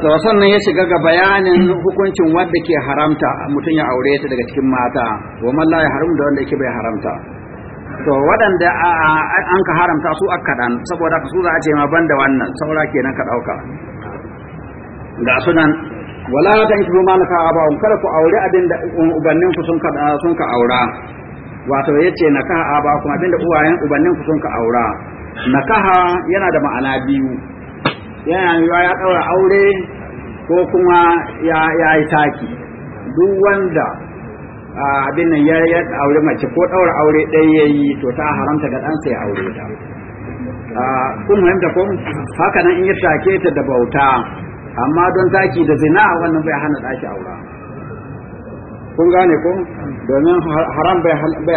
to sannan ya shiga ga bayanin hukuncin wanda ke haramta mutum ya aure ta daga cikin mata wa man la haramta da wanda yake bai haramta to waɗanda an ka haramta su aka kaɗan saboda su za a ce ma banda wannan saura kenan ka ɗauka ga sunan wala ta yi kuma malaka a bawon kada ku aure abin da ubannin ku sun ka aura wato ya ce na kaha a ba kuma abin da uwayen ubannin ku sun ka aura na kaha yana da ma'ana biyu yana yiwa ya ɗaura aure ko kuma ya yi taki duk wanda abin nan ya aure mace ko ɗaura aure ɗaya ya yi to ta haramta ga ɗansa ya aure ta kun fahimta ko haka nan in ya take ta da bauta amma don taki da zina wannan bai hana ɗaki aura kun gane ko domin haram bai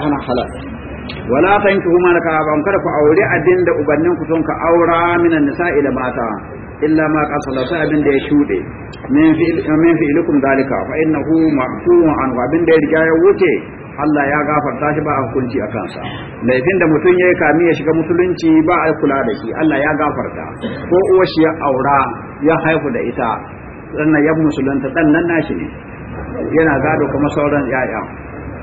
hana halal wala tankihu ma ka ban kada ku aure abin da ubannin ku tun ka aura minan nisa'i da mata illa ma qasala sai abin da ya shude min fi min fi ilikum dalika fa innahu an abin da ya riga ya wuce Allah ya gafarta shi ba a hukunci a kansa laifin da mutum yayi kami ya shiga musulunci ba a kula da shi Allah ya gafarta ko uwar shi ya aura ya haihu da ita sannan ya musulunta dan nan nashi ne yana gado kamar sauran 'ya'ya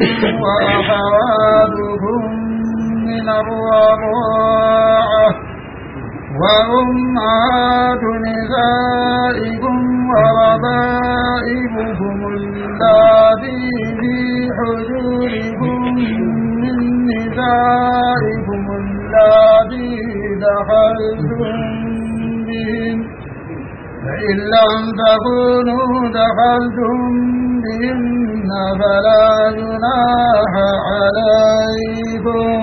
وأخواتهم من الرضاعة وهم عاد نسائكم وربائبهم الذي في حجوركم من نسائكم الذي دخلتم بهم فإن لم تكونوا دخلتم فيهن فلا جناح عليكم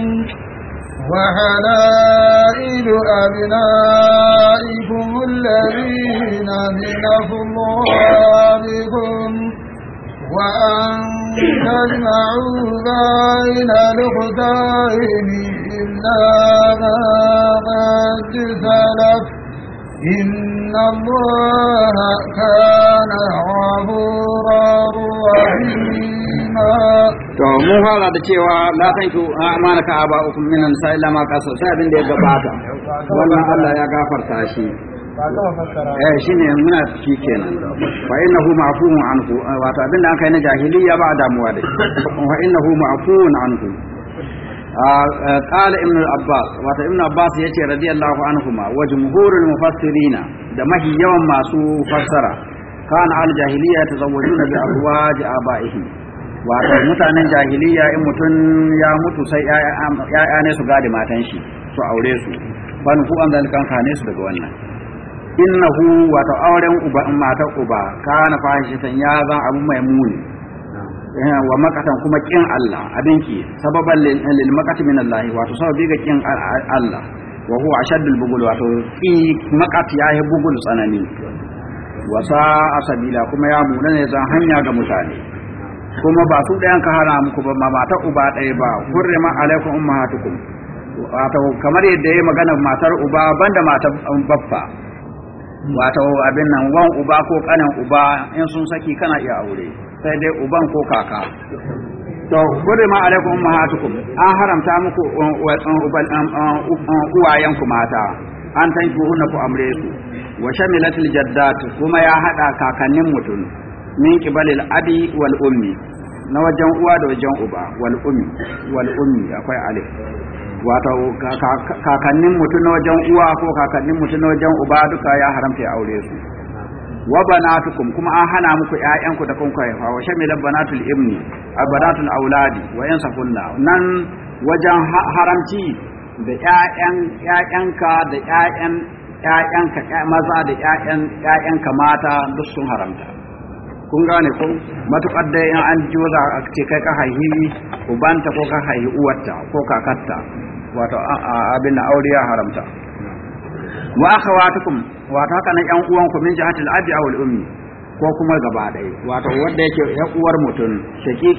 وحلائل أبنائكم الذين من أفضلكم وأن تجمعوا بين الأختين إلا ما قد سلف إن الله كان غفورا رحيما to mun fara da cewa la tanku amanaka aba ukum min nisa illa ma kasa sai abin da ya gabata wannan Allah ya gafarta shi eh shine muna ciki kenan fa innahu ma'fuun anhu wato abin da aka yi na jahiliya ba damuwa da shi fa innahu ma'fuun anhu قال ابن العباس وات ابن العباس يتي رضي da عنهما وجمهور المفسرين ده مهي يوم ما سو فسرا كان على الجاهلية يتزوجون بأزواج آبائهم wato mutanen jahiliya in mutum ya mutu sai ya'ya ne su gadi matan su aure su ban ku an zalika su daga wannan innahu wato auren uba matar uba kana fahishatan ya zan abu mai muni Eh, wa makatan kuma kin Allah abinki sababan lil makati min Allah wato sababi ga kin Allah wa huwa ashaddul bugul wato ki makati yayi bugul tsanani wa sa asabila kuma ya muna ne zan hanya ga mutane kuma ba su dayan ka hana muku ba mata uba daya ba hurrima alaikum ummahatukum wato kamar yadda yayi magana matar uba banda matar baffa wato abin nan wan uba ko kanan uba in sun saki kana iya aure sai dai uban ko kaka to gode ma alaikum ummahatukum an haramta muku um, um, um, uwayenku mata an tanki hunna ku amre su wa shamilatil jaddat kuma ya hada kakannin mutun min qibalil abi wal ummi na wajen uwa da wajen uba wal ummi wal ummi akwai alif wato kakannin mutun na wajen uwa ko kakannin mutum na wajen uba duka ya haramta aure su wa banatukum kuma an hana muku ƴaƴanku da kun kai wa shamilan banatul ibni abanatul auladi wa yansafunna nan wajen haramci da ƴaƴan ƴaƴanka da ƴaƴan ƴaƴanka maza da ƴaƴan ƴaƴanka mata duk sun haramta kun gane ko matukar da in an joza a ce kai ka haihi ubanta ko ka haihi uwarta ko kakarta wato abin aure ya haramta wa akhawatukum wato haka nan yan uwan ku min jahatil abi aw ummi ko kuma gaba dai wato wanda yake yan uwar mutum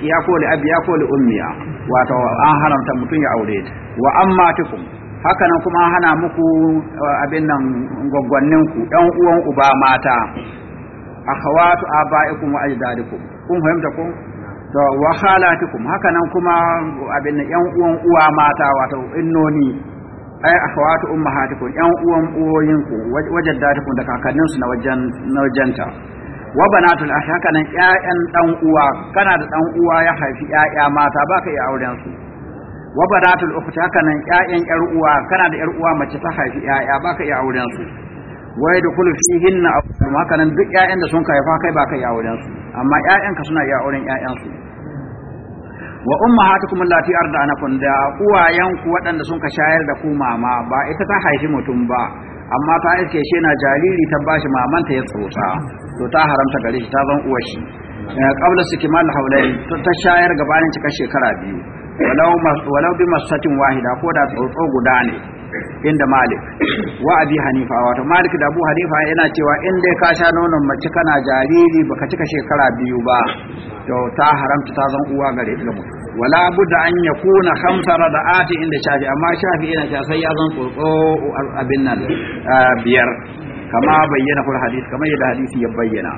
ya ko li ya ko li ummiya wato an haramta mutum ya aure wa amma tukum haka nan kuma hana muku eh, abin nan gwaggwannin ku yan uwan uba mata akhawatu abaikum wa ajdadikum kun fahimta ko to wa khalatukum haka nan kuma abin nan yan uwan uwa mata wato innoni ay akhawatu ummahatikum yan uwan uwoyinku wajaddatikum da kakanninsu na wajen na wajenta wa banatul akhi haka nan ƴaƴan dan uwa kana da dan uwa ya haifi ƴaƴa mata baka iya auren su wa banatul ukhti haka nan ƴaƴan ƴar uwa kana da ƴar uwa mace ta haifi ƴaƴa baka iya auren su wa yadkhulu fihinna haka nan duk ƴaƴan da sun haifa kai baka iya auren su amma ka suna iya auren su wa ummahatukum allati arda'anakum da ku waɗanda sun ka shayar da ku mama ba ita ta haifi mutum ba amma ta iske shi na jariri ta bashi mamanta ya tsotsa to ta haramta gare shi ta zan uwar shi eh, qabla sikimal haulain ta shayar gabanin cika shekara biyu walau walau bi masatin wahida ko da tsotso guda ne inda malik wa abi hanifa wato malik da abu hanifa yana cewa in dai ka sha nonon mace kana jariri baka cika shekara biyu ba to ta haramta ta zan uwa gare ta mu wala budda an yakuna khamsa rada'ati inda shafi amma shafi yana cewa sai ya zan tsotso abin nan biyar kama bayyana kul hadisi kama yadda hadisi ya bayyana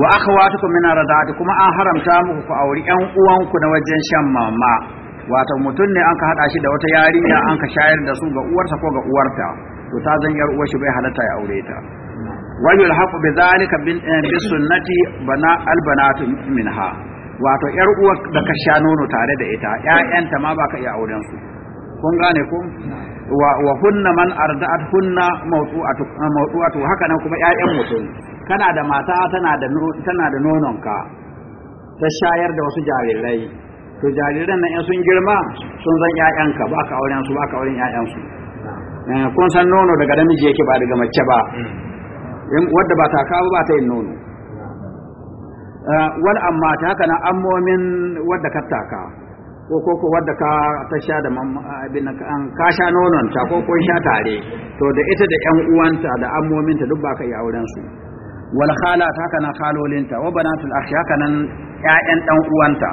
wa akhawatukum min rada'ati kuma an haramta muku ku auri ƴan uwanku na wajen shan mama wato mutum ne an ka hada shi da wata yarinya an ka shayar da su ga uwarsa ko ga uwarta to ta zan yar uwar shi bai halatta ya aure ta wani haqu bi zalika eh, bi sunnati bana albanatu minha wato yar uwa da ka sha nono tare da ita ƴaƴanta ma baka iya auren su kun gane ku wa hunna man arda'at hunna mawdu'atu eh, mawdu'atu haka nan kuma ƴaƴan mutum kana da mata tana da tana da nononka ta shayar da wasu jarirai to jariran nan in sun girma sun zan ƴaƴanka ba ka auren su ba ka auren su eh, kun san nono daga namiji yake ba daga mace ba hmm. wadda ba ta kawo ba ta yin nono eh, wal amma ta haka na ammomin wadda ka taka ko ko ko wadda ka ta sha da abin an ka sha nonon ta ko ko sha tare to da ita da ƴan uwanta da ammominta duk ba ka yi auren su wal ta haka na khalolinta wa banatul akhi haka nan ƴaƴan dan uwanta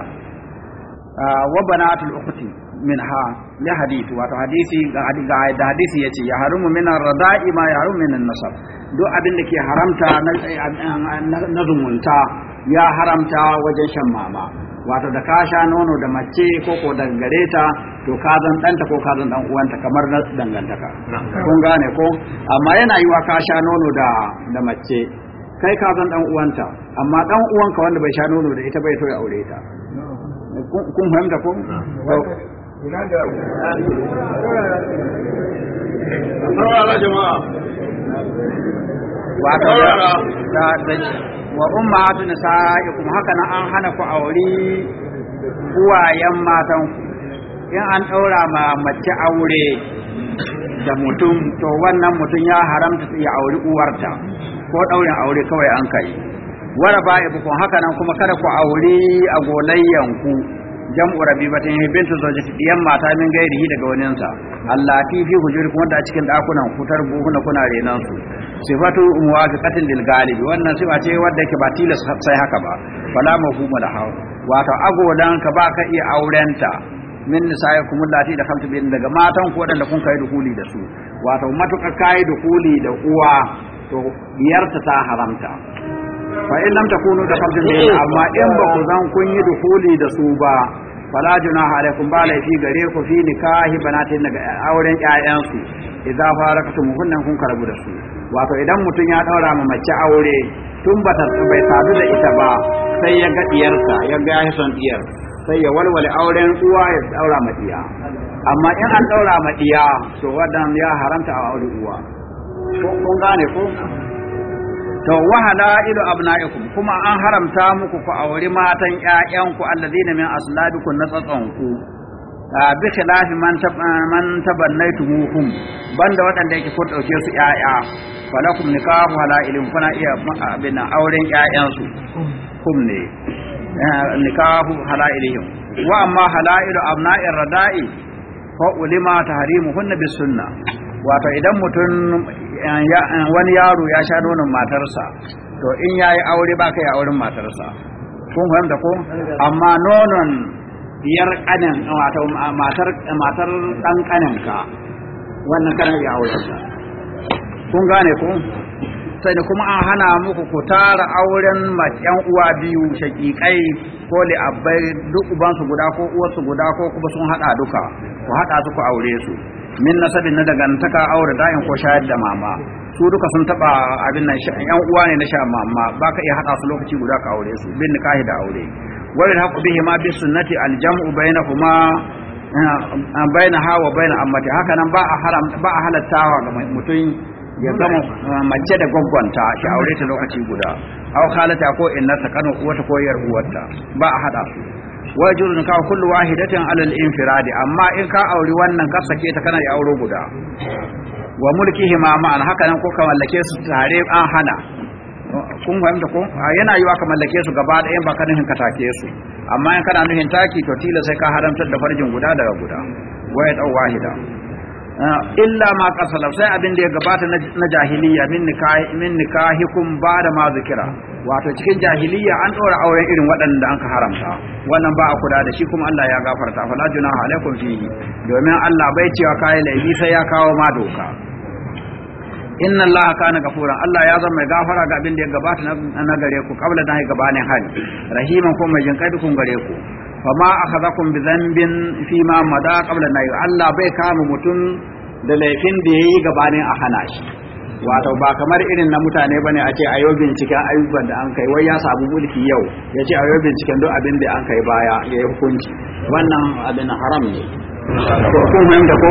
eh, wa banatul ukhti ha li hadith wato hadisi ga hadisi yace ya harumu min ar-rada'i ma ya harumu min an-nasab duk abin da ke haramta na zumunta ya haramta wajen shan mama wato da ka sha nono da mace ko ko dangare ta to ka zan ɗanta ko ka zan ɗan uwanta kamar na dangantaka kun gane ko amma yana yiwa ka sha nono da da mace kai ka zan ɗan uwanta amma ɗan uwanka wanda bai sha nono da ita bai to ya aure ta kun fahimta ko ina da jama'a wato da da wa ummahatu nisaikum haka na an hana ku aure uwayen matan in an ɗaura ma mace aure da mutum to wannan mutum ya haramta ya auri uwarta ko ɗaurin aure kawai an kai ba ibukun haka nan kuma kada ku aure a golayyanku jam'u rabibatin bintu zawjati diyan mata min gairihi daga waninsa allati fi hujurikum wanda a cikin dakunan kutar buhuna kuna renan su sifatu muwafaqatin lil galibi wannan sifa ce wanda yake ba tilas sai haka ba fala mafhumu lahu wato agodan ka ba ka iya aurenta min nisaikum allati da khamtu bin daga matan ku wadanda kun kai dukuli da su wato matukar kai dukuli da uwa to diyarta ta haramta fa in lam takunu da fardin bihi amma in ba ku zan kun yi duhuli da su ba fala junaha alaikum ba laifi gare ku fi nikahi banatin daga auren su idza faraktum hunnan kun karabu da su wato idan mutum ya daura ma mace aure tun ba ta bai sadu da ita ba sai ya ga diyarsa ya ga ya diyar sai ya walwale auren uwa ya daura ma diya amma in an daura ma diya to wadan ya haramta a aure uwa kun gane ko to wa ilu abnaikum kuma an haramta muku ku auri matan ƴaƴanku alladina min aslabikum na tsatsanku bi khilafi man man tabannaytumuhum banda waɗanda yake kun dauke su ƴaƴa falakum nikahu halailin kuna iya abin auren ƴaƴansu kum ne eh, nikahu halailihim wa amma halailu abna'ir rada'i fa ulima tahrimuhunna bis sunnah wato idan mutum Eh, eh, wani yaro ya sha nonon matarsa to in ya yi aure ba ka yi auren matarsa kun fahimta ko amma nonon yar kanin wato eh, matar matar dan kanin ka wannan kana ya aure ta kun gane ko sai da kuma an hana muku ku tara auren yan uwa biyu shakikai ko li abbai duk uban su guda ko uwar su guda ko kuma sun hada duka ku hada su ku aure su min nasabin na dangantaka, aure dayin ko shayar da mama su duka sun taba abin nan yan uwa ne na sha mama baka iya hada su lokaci guda ka aure su bin nikahi da aure eh, wa haƙu bihi ma bi sunnati aljam'u jam'u baina ha wa baina ammati haka nan ba a haram ba a halattawa ga mutum ya zama eh, mace da gwaggwanta shi aure ta lokaci guda aw khalata ko inna kanu uwata ko yar uwarta ba a hada su wa yajuzu nikah kullu wahidatin alal infiradi amma in ka auri wannan ka sake ta kana ya auro guda wa mulkihi ma ma'an haka nan ko ka mallake su tare an hana kun fahimta ko yana yiwa ka mallake su gaba da yan baka nufin ka take su amma in kana nuhin taki to tilasa sai ka haramtar da farjin guda daga guda wa ya wahida illa ma kasala sai abin da ya gabata na jahiliya min nikahi min nikahikum ba da ma zikira wato cikin jahiliya an dora auren irin waɗanda an ka haramta wannan ba a kula da shi kuma Allah ya gafarta fala junaha alaikum fihi domin Allah bai cewa kai laifi sai ya kawo ma doka inna Allah kana gafuran Allah ya zama mai gafara ga abin da ya gabata na gare ku kabla da gabane hali rahiman kuma mai jinkai kun gare ku فما akhadhakum بذنب فيما fi ma mada qabla nayi Allah bai kama mutum da laifin da a shi wato ba kamar irin na mutane bane a ce ayo binciken ayyukan da an kai wai ya samu mulki yau ya ce ayo binciken duk abin da an kai baya ya yi hukunci wannan abin haram ne ko kuma inda ko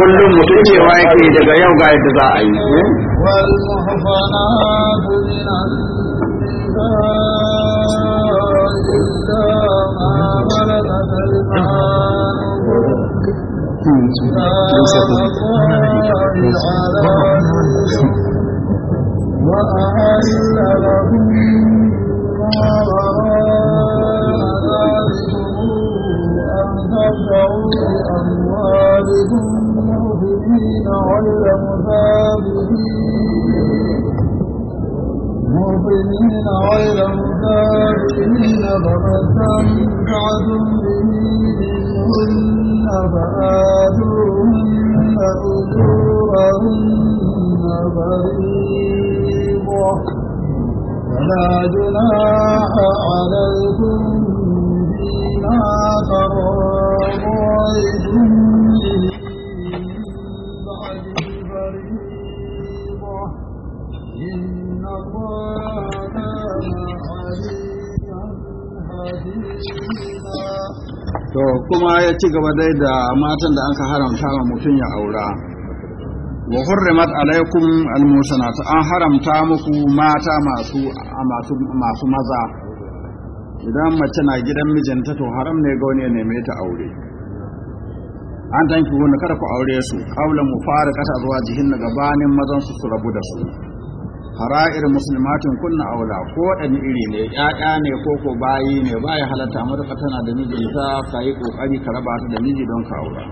kullum mutum ya yake daga yau ga yadda za a yi wal muhafanatu min إلا ما ملكت أيمانكم وأحل لكم ما وراء ذلكم أن ترجعوا لأموالكم مؤمنين غير مثابرين مؤمنين غير مكافئين فمتعتم به منهن فآتوهن أجورهن فريضة فلا جناح عليكم فيما تراضيتم به to kuma ya ci gaba dai da matan da an ka haramta wa mutum ya aura wa hurrimat alaikum almusanat an haramta muku mata masu masu maza idan mace na gidan mijinta to haram ne ga wani ya neme ta aure an tanki wani kada ku aure su kaula mu fara kasa zuwa jihin gabanin mazan su su rabu da su fara'ir musulmatin kunna aula ko waɗanne iri ne ƴaƴa ne ko ko bayi ne ba ya halatta matuƙa tana da mijinta ka yi kokari ka raba ta da miji don ka aula.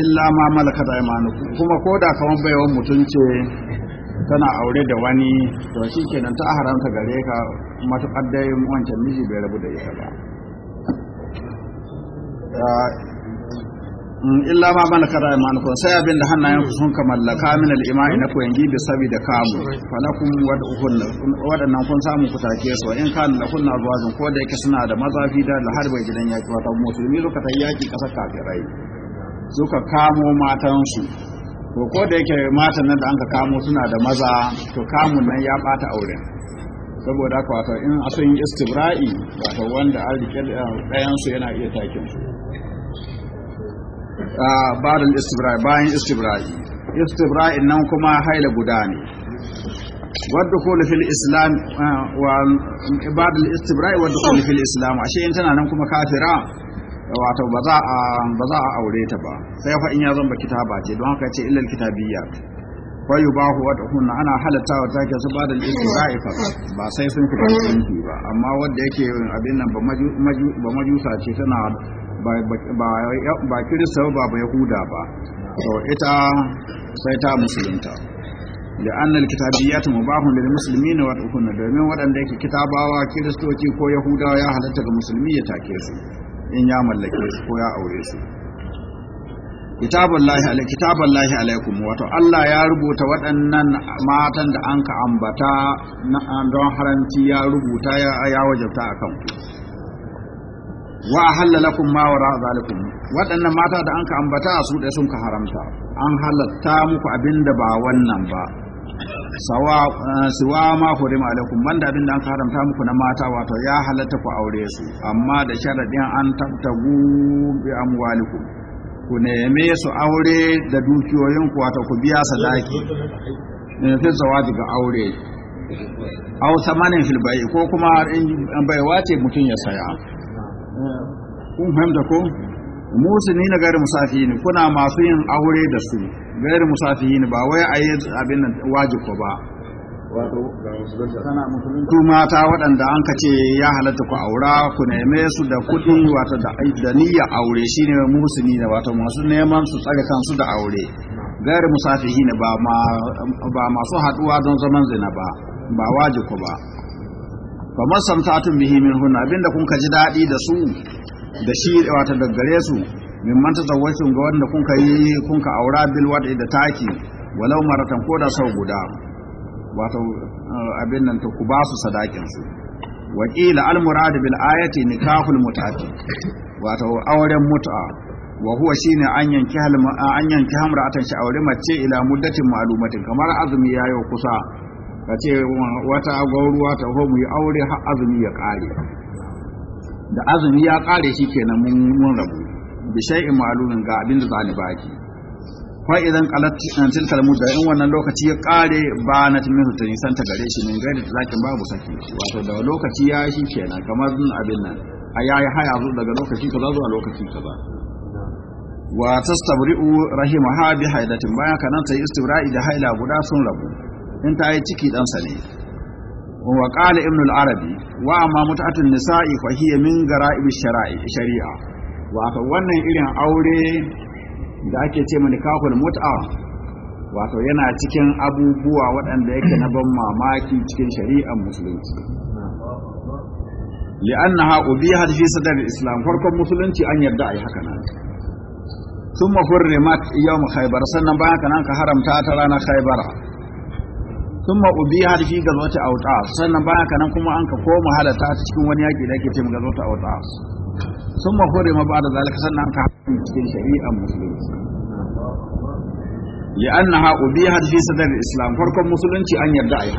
illa ma da aymanukum kuma ko da kawan baiwan mutum ce tana aure da wani to shikenan ta haramta gare ka matuƙar dai wancan miji bai rabu da ita ba Mm, illa ma malaka da imanuku sai abin da hannayen sun ka mallaka min al-imani na koyangi bi saboda kamu falakum wad'uhun wadannan kun samu ku take su in kan la kunna zuwa ko da yake suna da mazafi da harba gidan yaki wata musulmi lokacin yaki kasar kafirai suka kamo matan su to ko da yake matan nan da an ka kamo suna da maza to kamun nan ya bata auren saboda haka wato in asun istibra'i wato wanda an eh, ɗayan su yana iya takin su ba'dal istibra'i bayan istibra'i istibra'i nan kuma haila guda ne wa في istibra'i wadda الاستبراء والدخول islam ashe in tana nan kuma kafira wato ba za a ba za a aure ta ba sai fa in ya zamba kitaba ce don haka ce illal kitabiyya fa yubahu wa dahun ana halatta wa take su ba istibra'i fa ba sai sun fita cikin ba amma wadda yake abin nan ba maju ba maju ce tana ba kirista ba ba yahuda ba to ita sai ta musulunta da annal kitabiyyatu mubahun lil muslimin wa tuhunna domin waɗanda yake kitabawa kiristoci ko Yahuda ya halatta ga musulmi ya take su in ya mallake su ko ya aure su kitabullahi alai kitabullahi alaikum wato Allah ya rubuta waɗannan matan da anka ambata na don haranti ya rubuta ya wajabta akan ku wa ahalla lakum ma wara zalikum waɗannan mata da an ka ambata su da sun ka haramta an halatta muku abinda ba wannan ba sawa eh, siwa ma ma alaikum banda abinda an ka haramta muku na mata wato ya halatta ku aure su amma da sharadin an tabtagu bi amwalikum ku neme su aure da dukiyoyin ku wato ku biya sadaki ne eh, fi zawaji ga aure au samanin filbai ko kuma an baiwa ce mutum ya saya kun da ko musini na gari ne kuna masu yin aure da su gari musafi ne ba wai a yi abin nan wajiku ba wato mata waɗanda an kace ya halatta ku aura ku neme su da kuɗi wato da niyya aure shine musini na wato masu neman su tsare kansu da aure gari musafi ne ba masu haɗuwa don zaman zina ba ba wajiku ba fa masamtatun bihi min hunna abinda kun ka ji dadi da su da shi wata daggare su min man tazawwajtum ga wanda kun ka yi kun ka aura bil wad'i da taki walau maratan ko da sau guda wato eh, abin nan ta ku ba su sadakin su wakila al murad bil ayati nikahul mut'ati wato auren mut'a wa huwa shine an yanki halma an yanki hamra atan aure mace ila muddatin ma'lumatin kamar azumi yayo kusa ka ce wata gwauruwa ta ho mu yi aure har azumi ya kare da azumi ya kare shi kenan mun mun rabu da shay'in ma'lumin ga abin da zani baki fa idan cin kalmu da yin wannan lokaci ya kare ba na timin ta nisan ta gare shi min gani da zakin babu saki wato da lokaci ya shi kenan kamar abin nan a yayi haya daga lokaci kaza zuwa lokaci kaza wa tastabri'u rahimaha bi haidatin bayan kanan ta yi istibra'i da haila guda sun rabu in ta yi ciki ɗansa ne wa qala ibn arabi wa amma mut'atun nisa'i fa hiya min gara'ib shara'i shari'a wato wannan irin aure da ake ce mun kafin mut'a wato yana cikin abubuwa waɗanda yake na ban mamaki cikin shari'ar musulunci ha ubihat fi sadar islam farkon musulunci an yarda ayi haka nan thumma hurrimat yawm khaybar sannan bayan kana ka haramta ta ranar khaybara thumma ubiya fi sannan haka nan kuma an ka koma halatta ta cikin wani yaki da ake ce gazwati awtas thumma hurima ba'da zalika sannan ka haɗa cikin shari'ar musulunci li'annaha ubiya fi sadar islam farkon musulunci an yarda a yi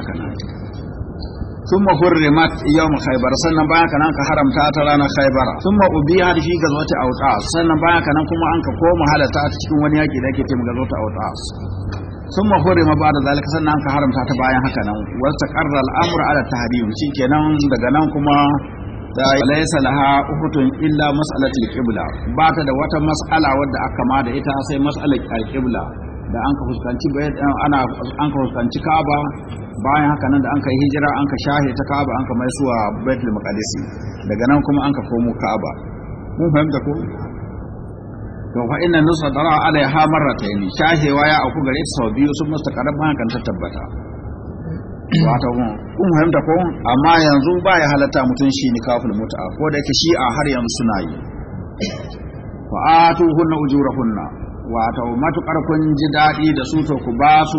ثم حرمت يوم خيبر kanan ka haramta ta ranar khaybar thumma ubiha sannan kanan kuma an ka koma halatta a cikin wani yaki da ake ce sun mafure ma ba da zalika sannan ka haramta ta bayan haka nan wata karra al'amura ala tahrim shi nan, daga nan kuma da laysa laha ukhutun illa al qibla ba ta da wata mas'ala wadda aka ma da ita sai al qibla da an ka fuskanci bayan ana an ka fuskanci Kaaba bayan haka nan da an ka yi hijira an ka shahe ta Kaaba an ka mai suwa Baitul Maqdis daga nan kuma an ka komo Kaaba mun fahimta ko to fa inna nusa dara alaiha marratayn shahewa ya auku gare sau biyu sun mustaqarraban kan tabbata wato kun fahimta ko amma yanzu ba ya halatta mutum shi ni kafin mut'a ko da yake shi a har yanzu suna yi fa kunna! ujurahunna wato matukar kun ji daɗi da su to ku ba su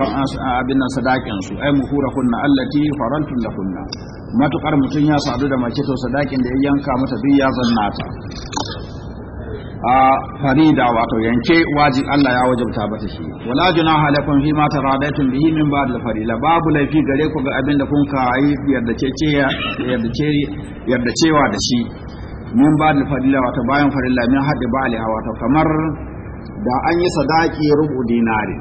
abin nan sadakin su ai mu muhurahunna allati farantum kunna! matukar mutum ya sadu da mace to sadakin da ya yanka mata duk ya zanna ta a farida wato yanke wajin Allah ya wajabta bata shi wala juna halakum fi ma taradaitum bihi min ba'd al-farila babu laifi gare ku ga abin da kun yi yadda ce yadda ce yadda cewa da shi min ba'd al-farila wato bayan farila min haddi ba'liha wato kamar da an yi sadaki rubu dinari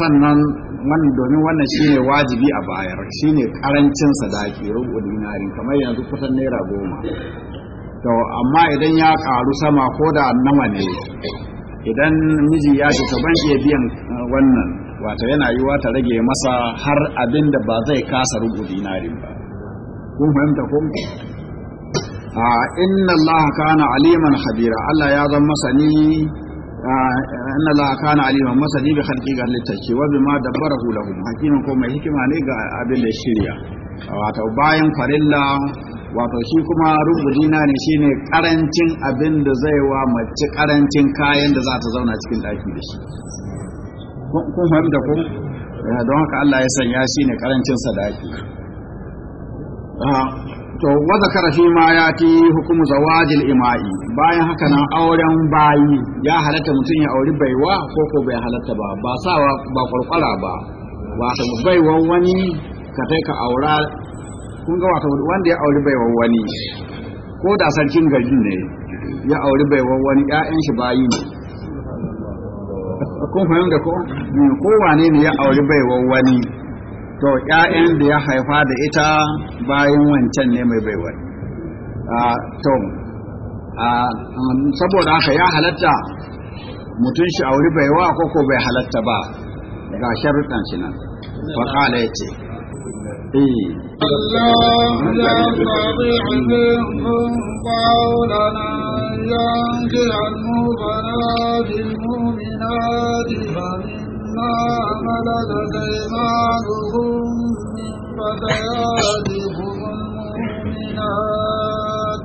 sannan wannan domin wannan shine wajibi a bayar shine karancin sadaki rubu dinari kamar yanzu kusan naira goma to amma idan ya karu sama ko da nama ne idan miji ya ce to ban iya biyan eh, wannan wato yana yi wata rage masa har abin da ba zai kasa rubu dinarin ba kun fahimta ko a inna Allah kana aliman khabira allah ya zama masani inna Allah kana aliman masani bi khalqi ga littaki wa bima dabbarahu lahum hakiman ko mai hikima ne ga abin da shirya wato bayan farilla wato shi kuma rubudina ne shine karancin abin da zai wa mace karancin kayan da za ta zauna cikin ɗaki da shi kun fahimta kun eh, don haka Allah ya sanya shi ne karancin sadaki ah, to wadda kara shi ma ya ti hukumu zawajil ima'i bayan haka na auren bayi ya halatta mutum ya auri baiwa ko ko bai halatta ba ba sawa ba kwarkwara ba wato bai wani ka kai ka aura kun ga wato wanda ya auri baiwa wani ko da sarkin gari ne ya auri baiwa wani ƴaƴan shi bayi ne kun fahimta ko hmm, ko wane ne ya auri baiwa wani to ƴaƴan da ya haifa da ita bayan wancan ne mai baiwa a to um, saboda haka ya halatta mutum shi auri baiwa ko ko bai halatta ba ga sharuɗan shi nan faƙala ya ce الله لا يستطيع منكم قولا ينكر المغنات المؤمنات فمما ملكت ايمانكم من فتياتكم المؤمنات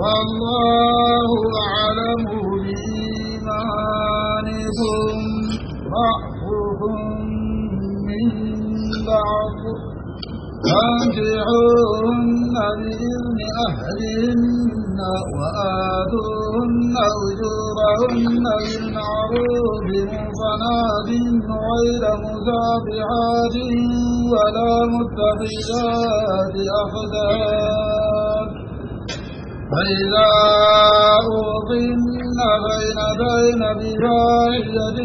والله اعلم بايمانكم بعضكم من بعض وانجعوهن بإذن أهلهن وآتوهن أجورهن بالمعروف مصنات غير مسافحات ولا متخذات أخدان فإذا أوطن بين بين بفاحشة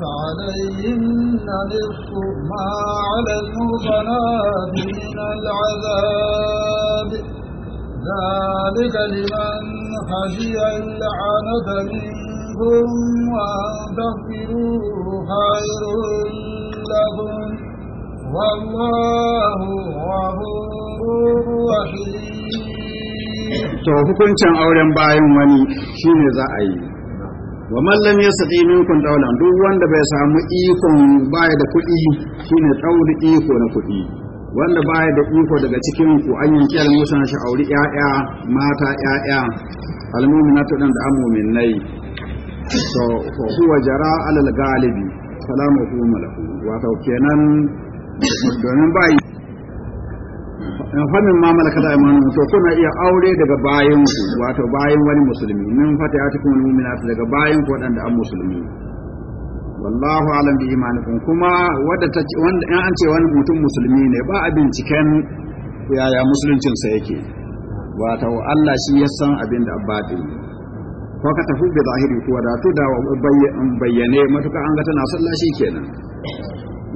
فعليهن نصف ما على المصنات من العذاب ذلك لمن خشي اللعنة منكم وأن تغفروا خير لكم والله غفور رحيم. To hukuncin auren bayan wani shi ne za a yi. wa mallam ya sadi minkun daulan duk wanda bai samu ikon baya da kuɗi shine tsauri iko na kuɗi wanda baya da iko daga cikin ku an yanke musu na sha'auri ƴaƴa mata ƴaƴa na dan da nai to ko huwa jara alal galibi salamu hu malaku wato kenan domin bai famin ma malakat aymanu to na iya aure daga bayan su wato bayan wani musulmi min fatayatikum mu'minat daga bayan ku wadanda an musulmi wallahu alam bi imanikum kuma wadda yan wanda in an ce wani mutum musulmi ne ba a binciken yaya musuluncin sa yake wato Allah shi ya san abin da yi, ko ka tafi da zahiri ko da to da bayyane matuka an ga tana sallah kenan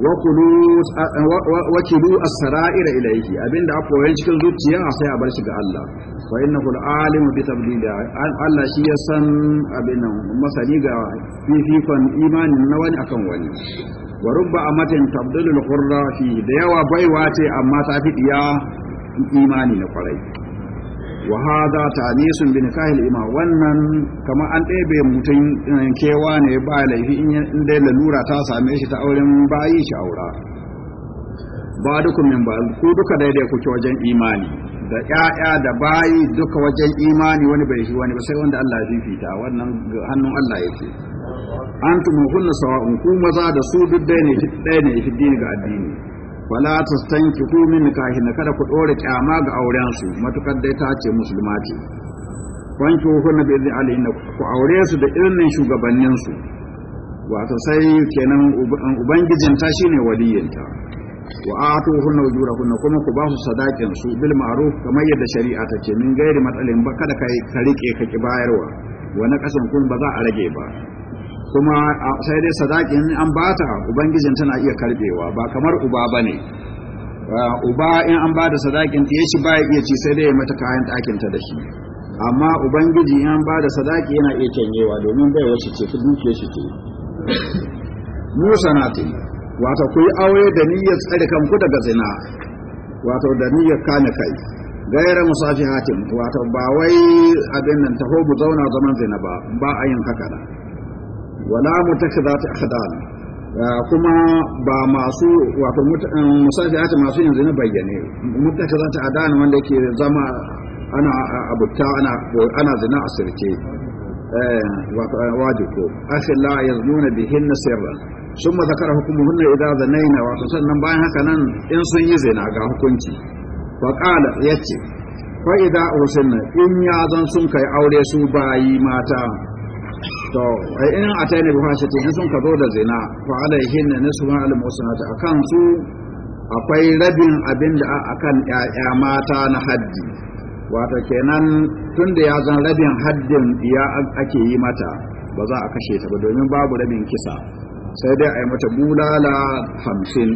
wakilu kulu as-sara'ira ilayhi abinda aka koyi cikin zuciya sai a bar shi ga Allah fa innahu al-alimu bi tabdili Allah shi ya san abin masani ga fifikon imanin na wani akan wani wa rubba amatin tabdilu al-hurra fi da yawa baiwa ce amma ta fi iya imani na kwarai wa hada ta'nisun bi nikahil ima wannan kamar an ɗebe mutum eh, kewa ne ba laifi in dai lalura ta same shi ta auren bayi shi aura ba dukkan min ba ku duka daidai kuke wajen imani da ƴaƴa da bayi duka wajen imani wani bai shi wani ba sai wanda Allah ya fifita wannan hannun Allah yake antum hunna sawa'un ku maza da su duk ɗaya ne ɗaya ne fi dini ga addini wala tastankihu min nikahin kada ku dore kyama ga auren su matukar dai ta ce musulma ce wanki hukun bi Ali inna ku aure su da irin shugabannin su wato sai kenan ubangijin ta shine waliyinta wa atuhunna hunna kuma ku ba su sadakin su bil ma'ruf kamar yadda shari'a ta ce min gairi matsalin ba kada kai ka rike ka bayarwa wa na kasan kun ba za a rage ba kuma sai dai sadakin an bata ubangijin tana iya karbewa ba kamar uba bane uba in an bada sadakin ya shi baya iya ci sai dai ya mata kayan dakin ta da shi amma ubangiji in an bada sadaki yana iya kenyewa domin bai wasu ce ta duke shi ce musa na ta wato ku yi aure da niyyar tsare kanku daga zina wato da niyyar kane kai gaira musafi hatim wato ba wai abin nan taho mu zauna zaman zina ba ba a yin haka da wala za ta mutakhadhat akhdan kuma ba masu wato um, musafi ta masu yanzu na bayyane za ta mutakhadhat adan wanda yake zama ana abutta ana zina a sirke eh wato eh, wajibu akhi la yazmuna bihin sirra thumma zakara hukumuhun idza zanaina wa sannan bayan haka nan in sun yi zina ga hukunci fa qala yace fa idza usanna in ya zan sun kai aure su bayi mata to ai in a tayi ba shi to sun ka zo da zina fa alaihin na su al musanata akan su akwai rabin abinda akan yaya mata na haddi wato kenan tunda ya zan rabin haddin ya ake yi mata ba za a kashe ta ba domin babu rabin kisa sai dai a yi mata bulala hamsin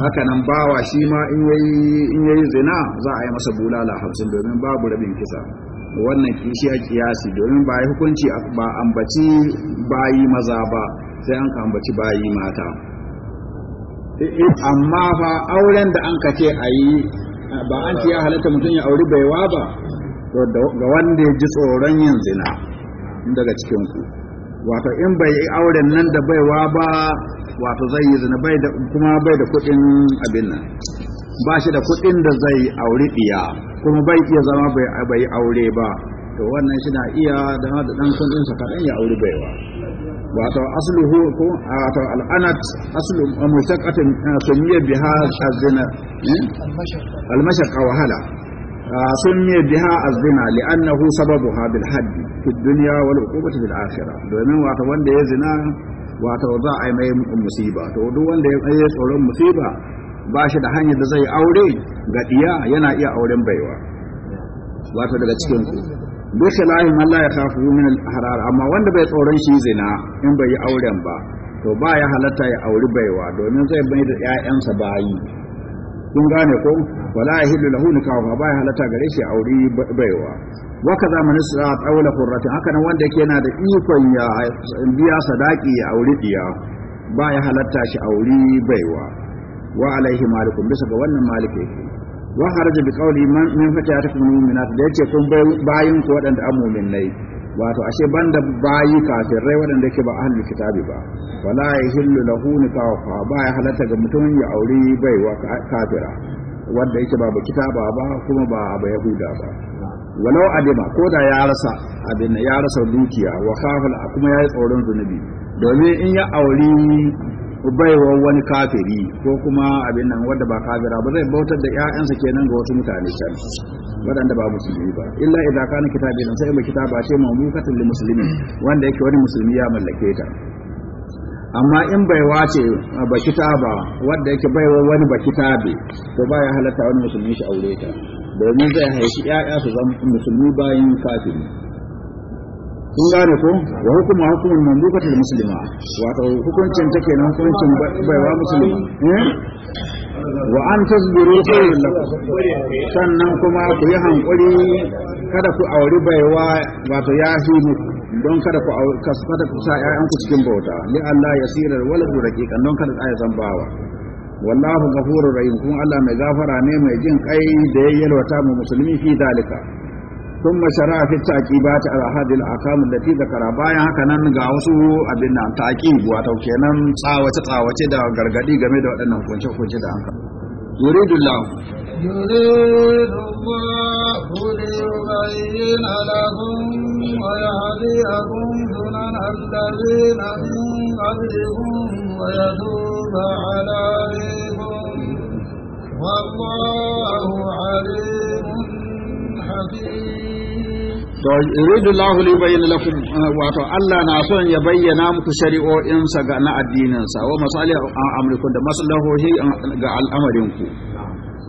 haka nan bawa shi ma in yayi zina za a yi masa bulala hamsin domin babu rabin kisa wannan kishi a kiyasi domin ba yi hukunci ba ambaci bayi maza ba sai an ka ambaci bayi mata amma fa auren da an kace a yi ba an ciya ya halatta mutum ya auri baiwa ba ga wanda ya ji tsoron yin zina daga cikinku wato in bai yi auren nan da baiwa ba wato zai yi zina kuma bai da kudin abin nan ba shi da kudin da zai auri ɗiya kuma bai iya zama bai yi aure ba to wannan shi na iya da da dan kundinsa kaɗan ya aure baiwa wato asluhu ko wato al'anat aslu mushaqqatin eh, sumiya biha azina eh? al-mashaqqa wahala سمي بها الزنا لأنه سببها بالحد في الدنيا والعقوبة في الآخرة domin wata wanda ya zina wata za a yi mai musiba to duk wanda ya tsoron musiba ba shi da hanyar da zai aure ga ɗiya yana iya auren baiwa wato daga cikin ku duk layin mallah ya kafu min harara. amma wanda bai tsoron shi zina in bai yi auren ba to ba ya halatta ya auri baiwa domin zai bai da ƴaƴansa bayi kun gane ko wala yahillu lahu nikahu ba ya halatta gare shi auri baiwa wa kaza man a tawla qurratin haka nan wanda yake yana da ikon ya biya sadaki ya auri ɗiya. ba ya halatta shi auri baiwa wa alaihi malikum bisa ga wannan malik yake wa haraja bi qawli man min fatiyatukum mu'minat da yace kun bayin ku waɗanda amumin mu'minnai wato ashe banda bayi kafirai waɗanda yake ba ahli kitabi ba wala yahillu lahu nikahu ba ya halatta ga mutum ya auri baiwa kafira wanda yake ba kitaba ba kuma ba ba yahuda ba walau adima ko da ya rasa abin ya rasa dukiya wa kuma ya yi tsoron zunubi domin in ya auri baiwa wani kafiri ko kuma abin nan wanda ba kafira ba zai bautar da ƴaƴansa kenan ga wasu mutane can waɗanda ba musulmi ba illa idza kana kitabi nan sai mai kitaba ce mamlukatun lil muslimin wanda yake wani musulmi ya mallake ta amma in baiwa ce ba kitaba wanda yake baiwa wani ba kitabe to baya halatta wani musulmi shi aure ta domin zai haifi ƴaƴa su zama musulmi bayan kafiri kun gane ko wa hukuma hukumun mamlukati da musulma wato hukuncin take nan hukuncin baiwa musulma eh? wa an tasbiru khairun lakum sannan kuma ku yi hankuri kada ku auri baiwa wato ya hi muku don kada ku kasfata ku sa ƴaƴan ku cikin bauta li Allah yasira waladu raqiqan don kada ya zambawa wallahu ghafurur rahim kuma Allah mai gafara ne mai jin kai da yayyalwata mu musulmi fi dalika ثم شرع في التعقيبات على هذه الاحكام التي ذكر bayan haka nan ga wasu abin nan ta'qib kenan tsawace tsawace da gargadi game da waɗannan kunce kunce da anka yuridu Allah yuridu Allah to yuridu Allahu li bayyana lakum wato Allah na son ya bayyana muku shari'o'insa ga na addinin sa wa masalih amrikum da maslahohi ga al'amarin ku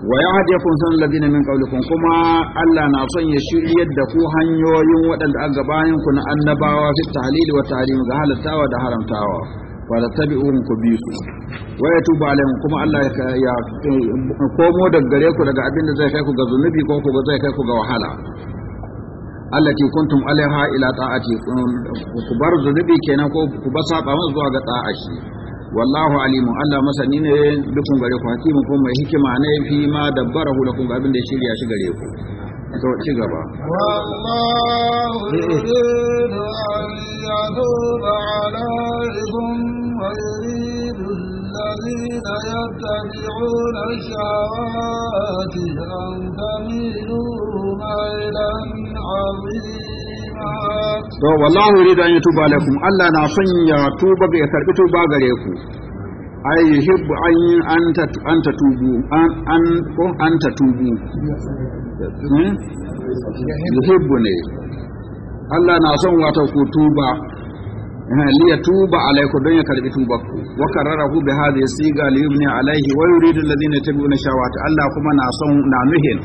wa kun san ladina min qablikum kuma Allah na son ya shiryar da ku hanyoyin waɗanda aka gabanin ku na annabawa fi tahlili wa tahrim ga halattawa da haramtawa fala tabi'uhum ku bi su wa tuba alaihim kuma Allah ya komo daga gare ku daga abin da zai kai ku ga zunubi ko ku zai kai ku ga wahala allati kuntum alaiha ila ta'ati ku bar zunubi kenan ko ku ba saba masa zuwa ga shi, wallahu alimu Allah masani ne dukun gare ku hakimu ko mai hikima ne fi ma dabbarahu lakum abin da shirya shi gare ku to ci gaba wallahu eh, eh. والسماوات أن تميلوا ميلا عظيما to wallahu an yatuba alaikum Allah na son ya tuba ga ya karbi tuba gare ku ay yuhibbu an anta anta tubu an an ko anta tubu hmm? yuhibbu ne Allah na son wata ku tuba liyatuba alaikum don ya karbi tubarku wa hu bi hadhi siga li yubni alaihi wa yuridu alladhina yattabi'una shawat Allah kuma na son na nuhin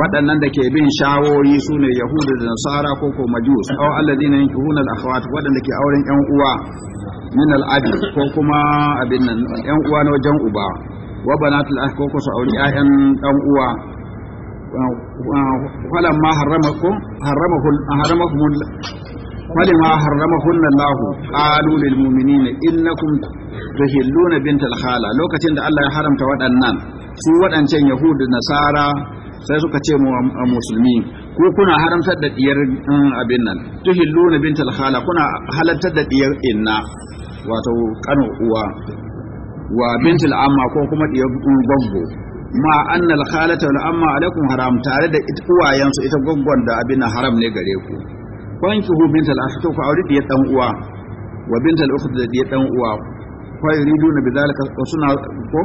waɗannan da ke bin shawoyi sune yahudu da nasara ko ko majus aw alladhina yankihuna al-akhawat waɗanda ke auren yan uwa min al ko kuma abin nan yan uwa na wajen uba wa banatul akh ko ko su auri ƴaƴan dan uwa falamma harrama ko harrama فلما حرمهن الله قالوا للمؤمنين انكم تهلون بنت الخالة لو كتن الله حرم تودنان su waɗancan yahudu nasara sai suka ce mu a musulmi ko kuna haramtar da diyar abin nan tuhilluna bint al-khala kuna halartar da diyar inna wato kano uwa wa bint al-amma ko kuma diyar gongo ma anna al-khalata wal amma alaikum haram tare da uwayensu ita gongon da abin haram ne gare ku fankihu bintal akhi to ku aure diyar dan uwa wa bintal ukhti da diyar dan uwa fa yuriduna bidhalika suna ko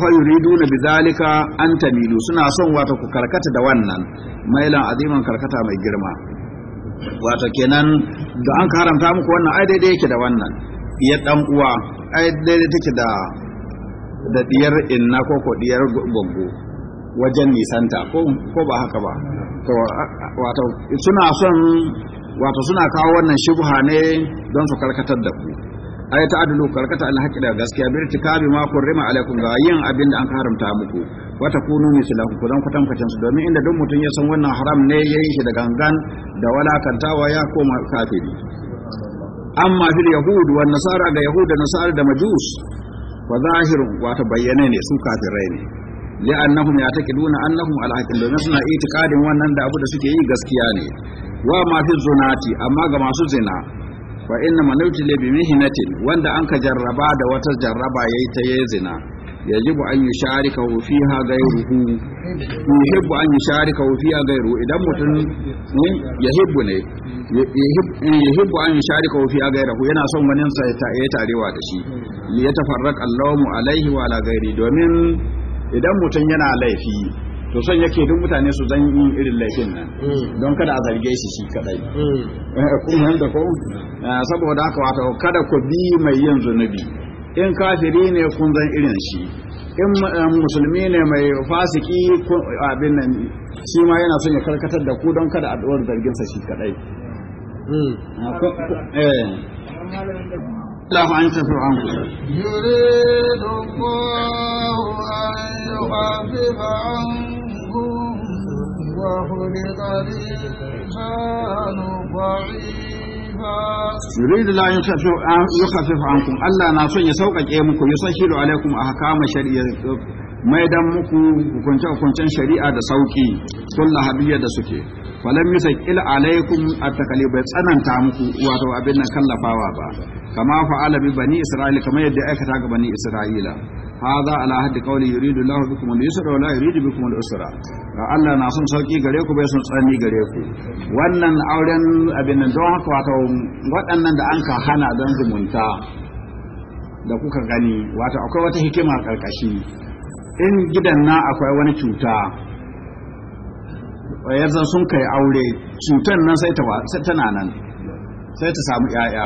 fa yuriduna bidhalika an tamilu suna son wata ku karkata da wannan mailan aziman karkata mai girma Wata kenan da an karanta muku wannan ai daidai yake da wannan diyar dan uwa ai daidai take da da diyar inna ko ko diyar goggo wajen nisanta ko ba haka ba to wato suna son wato suna kawo wannan shubha ne don su karkatar da ku ayat adlu karkata al haqqi da gaskiya bi irtikabi ma kurrima alaikum ga yin abin da an haramta muku wa takunu mislahu ku dan ku kwatan su domin inda duk mutun ya san wannan haram ne yayin shi da gangan da walakantawa ya koma kafiri amma fil yahud wa nasara ga yahud da nasara da majus wa zahirun wa bayyane ne su kafirai ne li'annahum ya'taqiduna annahum ala haqqin domin suna itikadin wannan da abu da suke yi gaskiya ne wa ma fi zunati amma ga masu zina fa inna man yutila bi mihnatin wanda an ka jarraba da wata jarraba yayi ta yayi zina yajibu an yusharika fiha ghayruhu yajibu an yusharika fiha ghayru idan mutum yahibu ne yahibu an yusharika fiha ghayruhu yana son wani sa ya tarewa da shi ya tafarraq Allahu alaihi wa ala ghairi domin idan mutum yana laifi to son yake duk mutane su zan yi irin laifin nan mm. don kada a zarge shi shi kadai mm. eh, kuma mm. eh, saboda haka wato kada ku bi mai yin zunubi in kafiri ne kun zan irin shi in eh, musulmi ne mai fasiki abin nan shi ma yana son ya karkatar da ku don kada a zargin sa shi kadai الله عن تفعوا عنكم يريد الله أن يخفف عنكم وخلق الإنسان ضعيفا يريد الله أن يخفف عنكم الله ناصر يسوقك إيمكم يسهل عليكم أحكام شريعة Mai dan muku hukunce hukuncen shari'a da sauki kullu habiyya da suke falam yusaqil alaikum at-takalif bai tsananta muku wato abin nan kallafawa ba kama fa bi bani isra'ila kamar yadda aikata ga bani isra'ila hadha ala haddi qawli yuridu Allahu bikum al-yusra wa la yuridu bikum al-usra Allah na son sauki gare ku bai son tsani gare ku wannan auren abin nan don haka wato waɗannan da an ka hana don zumunta da kuka gani wato akwai wata hikima karkashi in gidan na akwai wani cuta yanzu sun kai aure cutar nan sai tana nan sai ta samu ‘ya'ya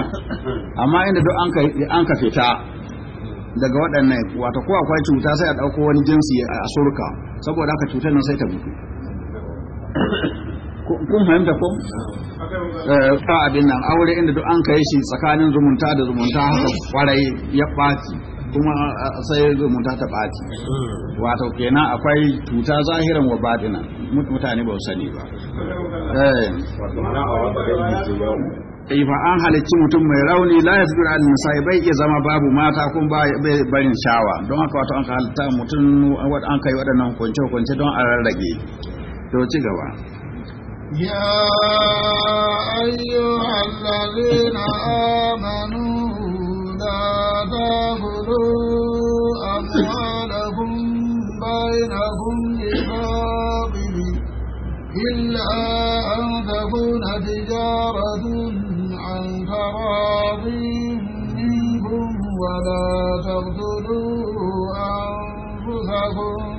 amma inda duk an ka fita daga waɗannan wata ko akwai cuta sai a ɗauko wani jinsi a surka saboda haka cutar nan sai ta mutu kun fahimta ko? ta eh, abin nan aure inda duk an kai shi tsakanin zumunta da zumunta haka kwarai ya ɓaci kuma sai zumun ta ɓaci hmm. wato kenan akwai cuta zahiran wa baɗina mutane ba sani ba eh. Ifa eh, an halicci mutum mai rauni la ya fi al misai bai iya zama babu mata kun bai barin shawa don haka wato an halitta mutum an kai waɗannan hukunce hukunce don a rarrage to ci gaba يا أيها الذين آمنوا تاكلوا أموالكم بينكم بباطل إلا أن تكون تجارة عن تراض منكم ولا تقتلوا أنفسكم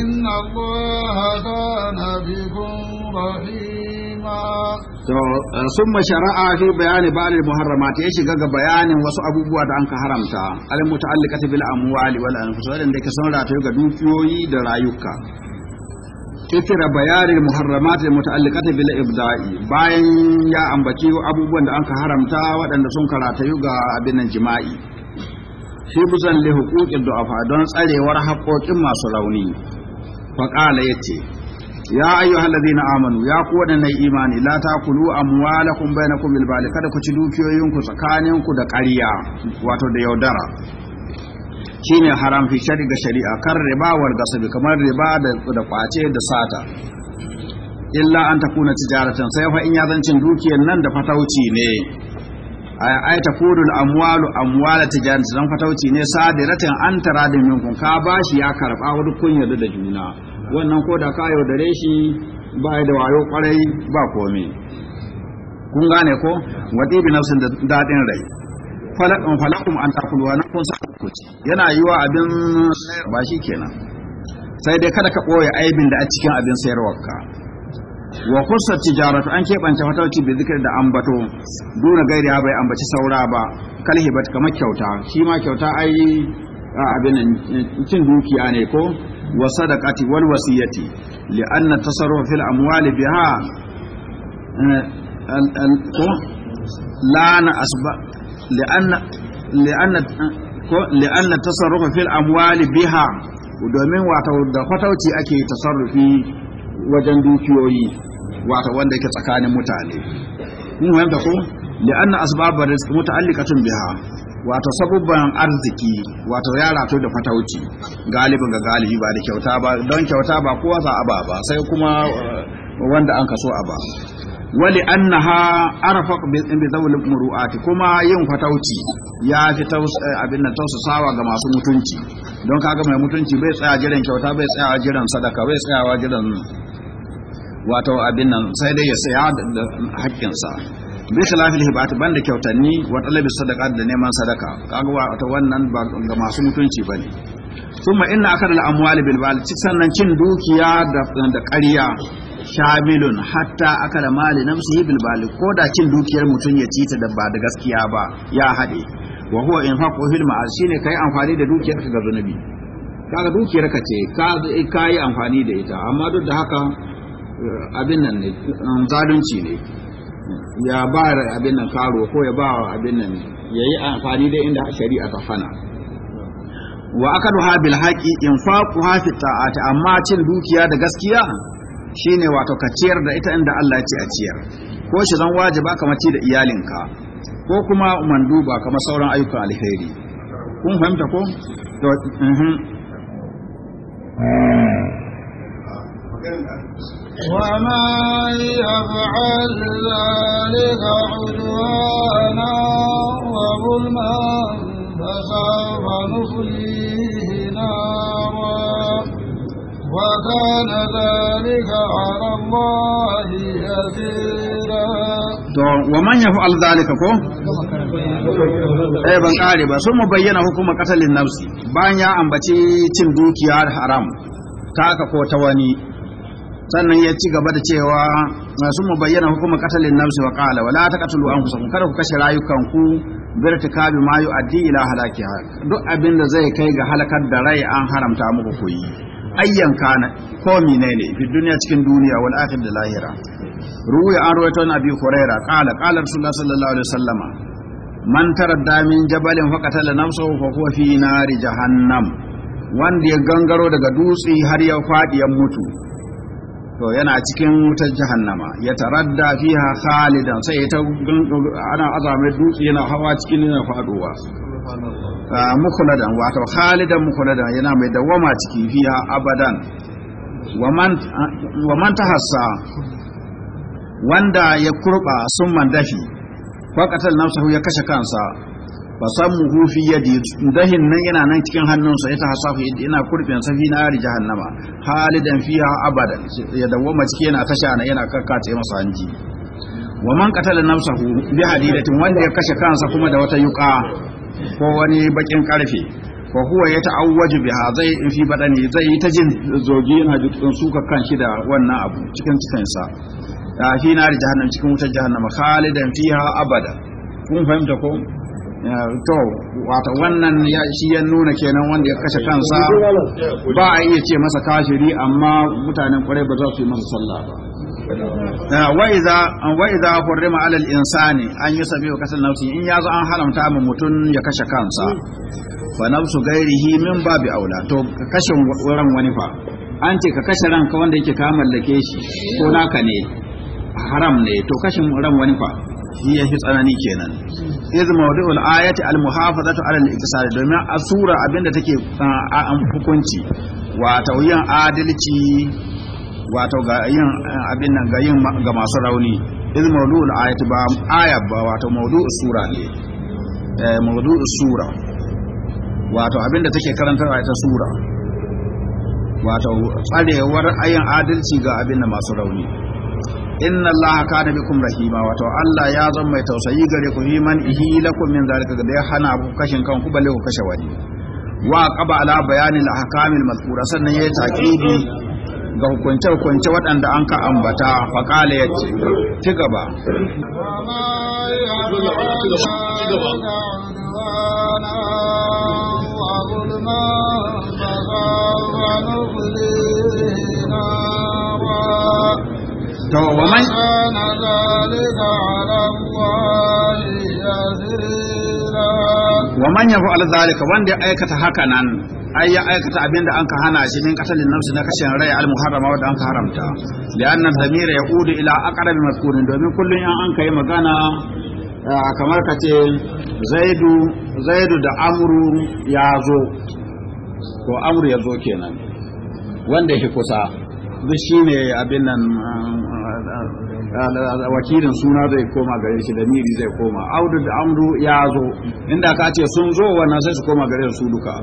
إن الله كان بكم رحيما Eh, sun mashara'a fi bayani ba'al ta ya shiga ga bayanin wasu abubuwa da an ka haramta al muta'alliqati bil amwali wal anfus da ke son ratayu ga dukiyoyi da rayuka kitira bayanin muharramat al muta'alliqati bil ibda'i bayan ya ambaci abubuwan da an ka haramta waɗanda sun karata ga abin jima'i shi buzan li huquqid du'afa don tsarewar haƙoƙin masu rauni faqala yace ya ayyuhal na amanu ya ku wadannan imani la takulu amwalakum bainakum bil bali kada ku ci dukiyoyinku tsakaninku da ƙarya wato da yaudara shine haram fi shari ga shari'a kan riba wal kamar riba da kwace da sata illa an takuna tijaratan sai fa in ya zancin dukiyar nan da fatauci ne ai ta kudul amwalu amwala tijaratan fatauci ne sadiratan an taradin minkum ka bashi ya karba wani kun yarda da juna wannan ko da ka yaudare shi ba da wayo kwarai ba komi. kun gane ko wadi bi nafsin da daɗin rai falakun falakun an takulu wa kun sa ku ci yana yiwa abin ba shi kenan sai dai kada ka ɓoye aibin da a cikin abin sayarwarka wa kusa tijaratu an keɓance fatauci bi zikir da ambato duna gairi ya bai ambaci saura ba kalhibat kamar kyauta shi ma kyauta ai abin cin dukiya ne ko والصدقة والوصية لأن التصرف في الأموال بها لأن أسباب لأن لأن لأن التصرف في الأموال بها domin wata da kwatauci ake tasarrufi wajen dukiyoyi wata wanda yake tsakanin mutane. Mun fahimta ko? Li'anna asbabar rizq muta'alliqatun biha wato sabubban arziki wato ya rato da fatauci galibin ga galibi ba da kyauta ba don kyauta ba kowa za a ba ba sai kuma eh, wanda an kaso a ba wali annaha arfaq bi zawul muruati kuma yin fatauci ya fi eh, abin nan tausasawa ga masu mutunci don kaga mai mutunci bai tsaya jiran kyauta bai tsaya jiran sadaka bai tsaya jiran wato abin nan sai dai ya tsaya da haƙƙinsa bi khilafil hibat banda kyautanni wa talabi sadaqa da neman sadaka kaga ta wannan ba ga masu mutunci bane kuma inna akal al-amwal bil bal sannan cin dukiya da da ƙarya shamilun hatta akala mali nafsihi bil bal ko da cin dukiyar mutun ya cita da ba da gaskiya ba ya hade wa huwa haqu fil ma'asi ne kai amfani da dukiyar ka ga zunubi kaga dukiyar ka ce ka yi amfani da ita amma duk da haka eh, abin nan ne zalunci ne ya ba abin nan karo ko ya ba abin nan ya yi amfani da inda shari'a ta hana wa aka duha bil haƙi in faƙu hafi ta'ata amma cin dukiya da gaskiya shine wato ka ciyar da ita inda Allah ya ce a ciyar ko shi zan ba kamar ci da iyalinka ko kuma manduba kamar sauran ayyukan alheri kun fahimta ko to mhm. ومن يفعل ذلك عدوانا وظلما فسوف نصليه نارا وكان ذلك على الله يسيرا to wa man zalika ko eh ban kare ba sun mu bayyana hukumar katalin nafsi bayan ya ambaci cin dukiya haram taka ko ta wani sannan ya ci gaba da cewa sun mu bayyana hukumar katalin nafsi wa kala. wala an kusa kada ku kashe rayukanku kabi, mayu addi ila halakiha duk abin da zai kai ga halakar da rai an haramta muku koyi ayyan kana ko menene fi duniya cikin duniya wal akhir da lahira ruwi an rawaito na abi huraira kala kala rasulullah sallallahu alaihi wasallama man taradda min jabalin fa katala na fa huwa fi nari jahannam wanda ya gangaro daga dutse har ya fadi ya mutu to yana cikin wutar jahannama ya taradda fiha khalidan sai ta ana azame dutse yana hawa cikin yana faduwa ah, mukhladan wato khalidan mukhladan yana mai dawama ciki fiha abadan wa man man wanda ya kurba sun man mandafi faqatal nafsahu ya kashe kansa fa sammuhu fi yadi dahin nan yana nan cikin hannunsa ita hasafu yana kurfin safi na ari jahannama halidan fiha abada, ya dawo ciki yana tasha na yana kakkace masa hanji wa man qatala nafsahu bi hadidatin wanda ya kashe kansa kuma da wata yuka ko wani bakin karfe fa huwa yata'awwaju biha zai fi badani zai yi ta jin zogi yana jikin suka kanshi da wannan abu cikin cikinsa fi na jahannama cikin wutar jahannama khalidan fiha abada kun fahimta ko to wato wannan ya shi ya nuna kenan wanda ya kashe kansa ba a iya ce masa kashiri amma mutanen kwarai ba za su yi masa sallah ba wa iza wa iza hurrima ala al insani an yi wa kasal nafsi in yazo an haramta ma mutun ya kashe kansa fa nafsu gairihi min babi aula to kashe ran wani fa an ce ka kashe ranka wanda yake ka mallake shi ko naka ne haram ne to kashin ran wani fa shi ya fi tsanani kenan iz mawdu'ul ayati al muhafazatu ala al iktisar domin a sura abinda take an hukunci wato yin adalci wato ga yin abin nan ga yin ga masu rauni iz mawdu'ul ayati ba aya ba wato maudu sura ne eh mawdu'us sura wato abinda take karantarwa ita sura wato tsarewar ayin adalci ga abin nan masu rauni inna Allah da bikum rahima wato Allah ya zan mai tausayi gare ku fi man ihi lakum min zalika da ya hana ku kashin kanku balle ku kashe wani wa qaba ala bayani al-ahkam al-mazkura sannan yayi taqibi ga hukunce hukunce waɗanda an ka ambata fa qala yace ci gaba to wa man kana zalika ala Allah yasira wa man yaf'al zalika wanda ya aikata haka nan ai ya aikata abin da anka hana shi min qatalin nafsi na kashin rai al muharrama wanda anka haramta li'anna zamira yaudu ila aqrabi mazkurin domin kullun in an kai magana kamar ka ce zaidu zaidu da amru ya zo ko amru ya zo kenan wanda yake kusa duk shine abin nan wakilin suna zai koma gare shi da miri zai koma audu da amru ya zo inda ka ce sun zo wannan sai su koma gare su duka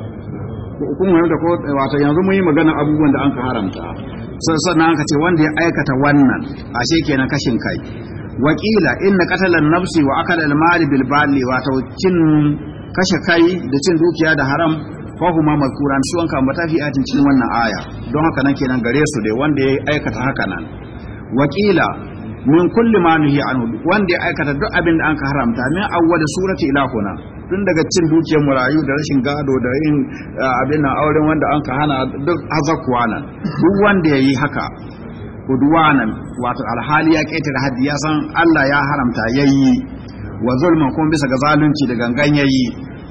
kuma yau ko wato yanzu mun yi magana abubuwan da an ka haramta sannan ka ce wanda ya aikata wannan ashe kenan kashin kai wakila inna qatalan nafsi wa akala al-mali bil bali cin kashe kai da cin dukiya da haram fahuma makuran su wanka matafi a cikin wannan aya don haka nan kenan gare su dai wanda ya aikata haka nan wakila min kulli ma nuhi anhu wanda ya aikata duk abin da an ka haramta min awwal surati ila kuna tun daga cin dukiyar marayu da rashin gado da yin abin nan auren wanda an ka hana duk azakuwa nan duk wanda yayi haka udwanan wato alhali ya keta da haddi ya san Allah ya haramta yayi wa zulman kuma bisa ga zalunci da gangan yayi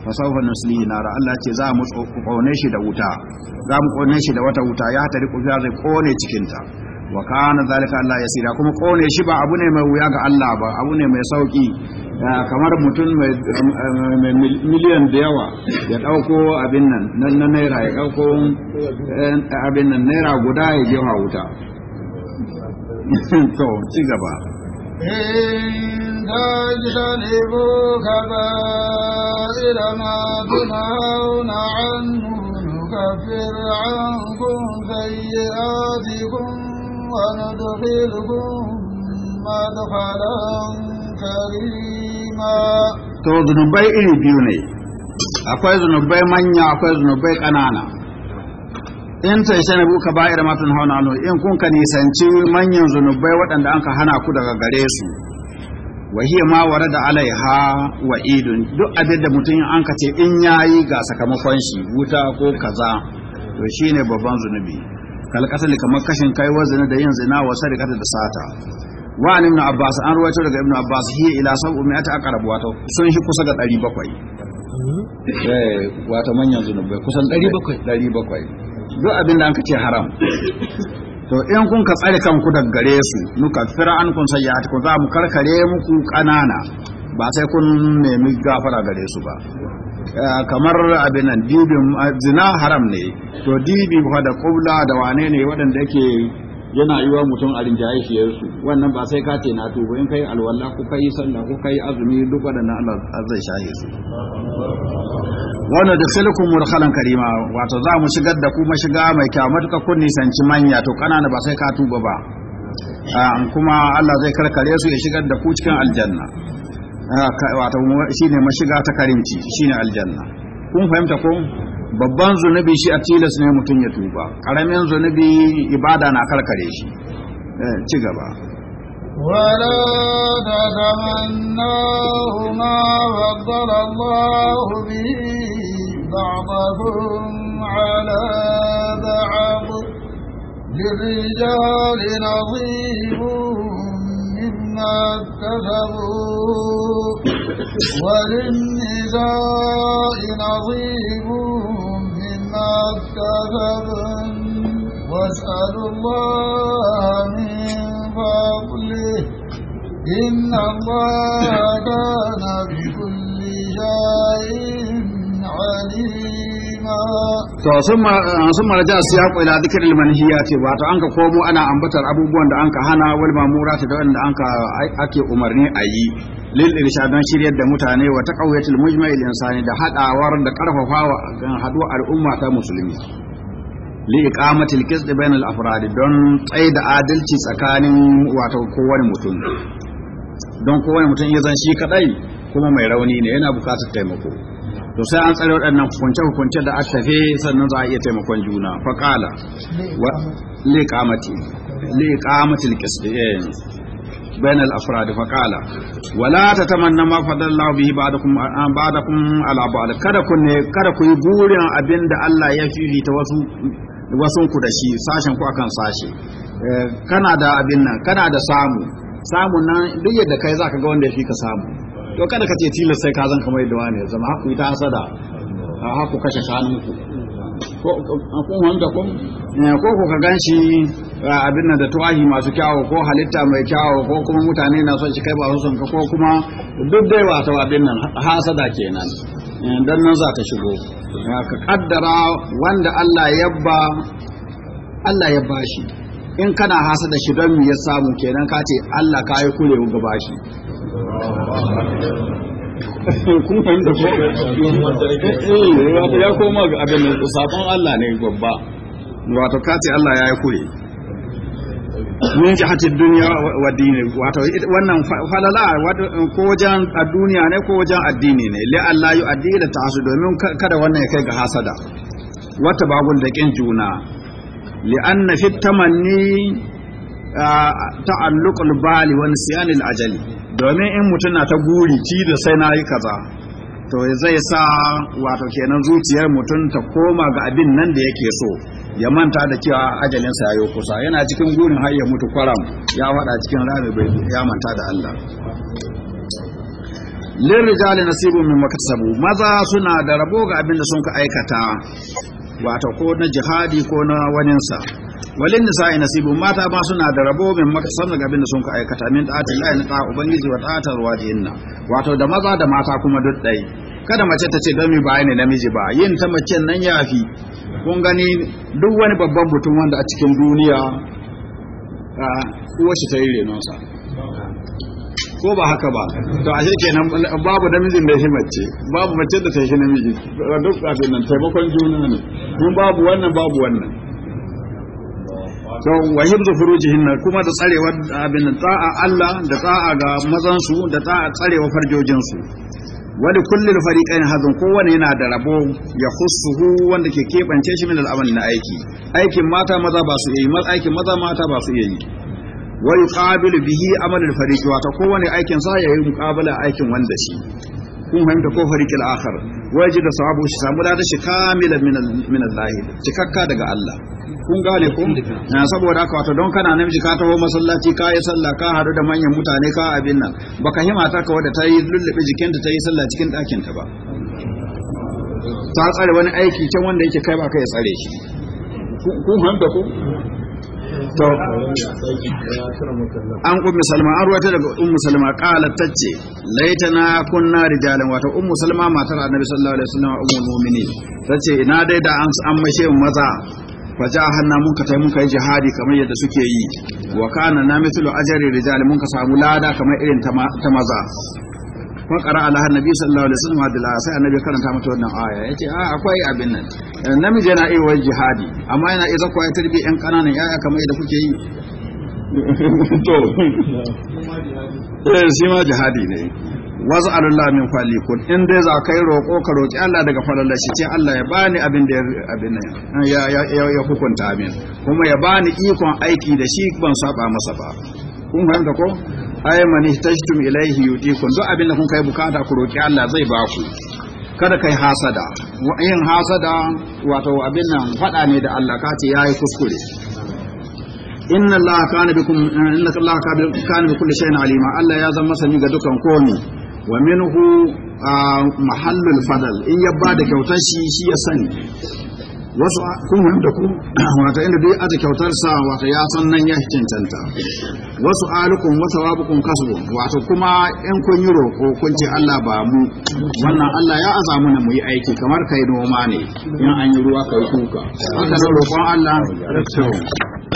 fa sawfa nuslihi nara Allah ce za mu kone shi da wuta za mu kone shi da wata wuta ya tariku zai kone cikin ta wa kana zalika Allah yasira kuma kone shi ba abu ne mai wuya ga Allah ba abu ne mai sauki kamar mutum mai miliyan da yawa ya dauko abin nan na naira ya dauko eh, abin nan naira guda ya je wuta to ci gaba عنكم سيئاتكم مدخلا كريما to zunubai iri biyu ne akwai zunubai manya akwai zunubai ƙanana in ta ishe nabu ka ba'ir matan hauna anu in kun ka nisanci manyan zunubai waɗanda an ka hana ku daga gare su wa hiya ma warada alaiha wa idun duk abin da mutum an ka ce in yayi ga sakamakon shi wuta ko kaza to shine babban zunubi kalkasali kamar kashin kai wa zina da yin zina wa sarikata da sata wa an ibn abbas an ruwaito daga ibn abbas hiya ila sabu mai ta aqrab wato sun shi kusa ga 700 hmm? eh wato manyan zunubai kusan 700 700 duk abin da an kace haram to in kun ka tsare kanku daga gare su nuka fira an kun sayyat ku za mu karkare muku kanana ba sai kun nemi gafara gare su ba Eh, kamar abinan dibin eh, zina haram ne to dibi da kubla da wane ne waɗanda yake yana yi wa mutum a rinjaye shi yarsu wannan ba sai ka ce na tuba in kai alwala ko kai sallah ko kai azumi duk waɗannan Allah zai shaye su wannan da silkum murkhalan karima wato za mu shigar da kuma shiga mai kyau matuka kun nisanci manya to ƙanana ba sai ka tuba ba ah, kuma Allah zai karkare su ya shigar da ku cikin aljanna Ah, wato ne mashiga ta karinci ne aljanna kun fahimta ko babban zunubi shi a tilas ne mutum ya tuba karamin zunubi ibada na karkare shi eh, ci gaba ولو تتمناه ما فضل الله به بعضهم على بعض na نصيب ما كسبوا وللنساء مما كسبن واسألوا الله من فضله إن الله كان بكل شيء عليم to sun eh, sun maraja siyaqu ila dhikril manhiyati wato an ka komo ana ambatar abubuwan da an ka hana wal mamurati da wanda an ka ake umarni a yi lil irshadan shiryar da mutane wa taqawiyatil mujma'il insani da hadawar da karfafawa gan haduwa al'umma ta musulmi li iqamatil qisd bainal afrad don tsaida adalci tsakanin wato kowane mutum don kowane mutum ya zan shi kadai kuma mai rauni ne yana bukatar taimako to sai an tsare waɗannan hukunce-hukunce da aka tafe sannan za a iya taimakon juna faƙala liƙamati liƙamatil kisdiyen bayan da faƙala wala ta tamanna ma faɗar laubi ba da kun al'abal kada ku ne kada ku yi burin abin da Allah ya fifita wasu wasu ku da shi sashen ku akan sashe eh, kana da abin nan kana da samu samun nan duk yadda kai za ka ga wanda ya fi ka samu to kada ka ce tilas sai ka zan kamar yadda wani zama haku ita asada a haku kashe ku ko kun wanda kun eh, ko ku ka ganshi abin nan da tuwahi masu kyawo ko halitta mai kyawo ko kuma mutane na son shi kai ba su son ka ko kuma duk dai wato abin nan hasada kenan eh, dan nan za ka shigo ka kaddara wanda Allah ba Allah ya bashi in kana hasada shi don me ya samu kenan ka ce Allah ka yi kurewa ga bashi kun fahimta ko eh wato ya koma ga abin da sabon Allah ne babba wato kace Allah ya yi kure min jihatin duniya wa dini wato wannan falala ko wajen a duniya ne ko wajen addini ne li Allah yu addini ta hasu domin kada wannan ya kai ga hasada wata bagul da kin juna li anna fit tamanni ta'alluqul bali wa nisyanil ajali domin in mutum na ta guri ci da sai na yi kaza to zai sa wato kenan zuciyar mutum ta koma ga abin nan da yake so ya manta da cewa ajalinsa ya yi kusa yana cikin gurin har ya mutu kwaram ya wada cikin rami bai ya manta da Allah lir rijali nasibu min maktasabu maza suna da rabo ga abin da sun ka aikata wato ko na jihadi ko na waninsa walin ina nasibu mata ba suna da rabo min makasan sanna ga da sun ka aikata min ta lahi na ta'a ubangiji wa ta'atar wajinna wato da maza da mata kuma duk dai kada mace ta ce don mi ba ne namiji ba yin ta mace nan yafi kun gani duk wani babban mutum wanda a cikin duniya uwa shi ta yi renonsa ko ba haka ba to ashe kenan babu namijin da shi mace babu mace da ta shi namiji duk abin nan taimakon juna ne mun babu wannan babu wannan to wa hibdu furujihinna kuma da tsarewa abin ta'a Allah da ta'a ga mazan su da ta'a tsarewa farjojin su wa kullum kulli fariqain hadhun kowanne yana da rabo ya khussuhu wanda ke kebance shi min al'amal na aiki aikin mata maza ba su yi aikin maza mata ba su yi wa yuqabilu bihi amal al-fariq wa ta kowanne aikin sa ya yi muqabala aikin wanda shi kun fahimta ko fariqil akhar waje da sababu shi samu da shi kamila min Allah cikakka daga Allah kun gane ko na saboda haka wato don kana namiji ka taho masallaci ka yi sallah ka haɗu da manyan mutane ka abin nan baka hima ta ka da ta yi lullube jikinta ta yi sallah cikin ɗakin ta ba ta tsare wani aiki can wanda yake kai ba ka ya tsare shi kun fahimta ko an ummu salma an ruwata daga ummu salma qalat tace laitana kunna rijalin wata ummu salma matar annabi sallallahu alaihi wasallam mu'mini ta ce ina dai da an an mashe maza faja hanna mun ka tai mun kai jihadi kamar yadda suke yi wa kana na mithlu ajri rijal mun ka samu lada kamar irin ta maza ko qara ala annabi sallallahu alaihi wasallam hadal sai annabi karanta mata wannan aya yace a ah, akwai abin nan eh, namiji yana iya wajen jihadi amma yana iya zakwa ya tarbi yan ƙananan yaya kamar yadda kuke yi to eh shi ma jihadi ne min falikun in dai za kai roƙo ka roƙi Allah daga falallashi ce Allah ya bani abin da abin ya ya hukunta min kuma ya bani ikon aiki da shi ban saba masa ba kun fahimta ko ay man ihtajtum ilayhi yudikum duk abin da kun kai bukata ku roki Allah zai ba ku kada kai hasada yin hasada wato abin nan fada ne da Allah ka ce yayi kuskure inna Allah kana bikum inna Allah kana bi kulli shay'in alima Allah ya zama sani ga dukan komai wa minhu ah, mahallul fadal in ya bada kyautar shi shi ya sani wasu kun da ku wata inda duk aji kyautar sa wata ya san nan ya cancanta wasu alikun wasu wabukun kasbu wata kuma in kun yi roƙo kun ce Allah ba mu wannan Allah ya aza mana mu yi aiki kamar kai noma ne in an yi ruwa kai kuka haka roƙon Allah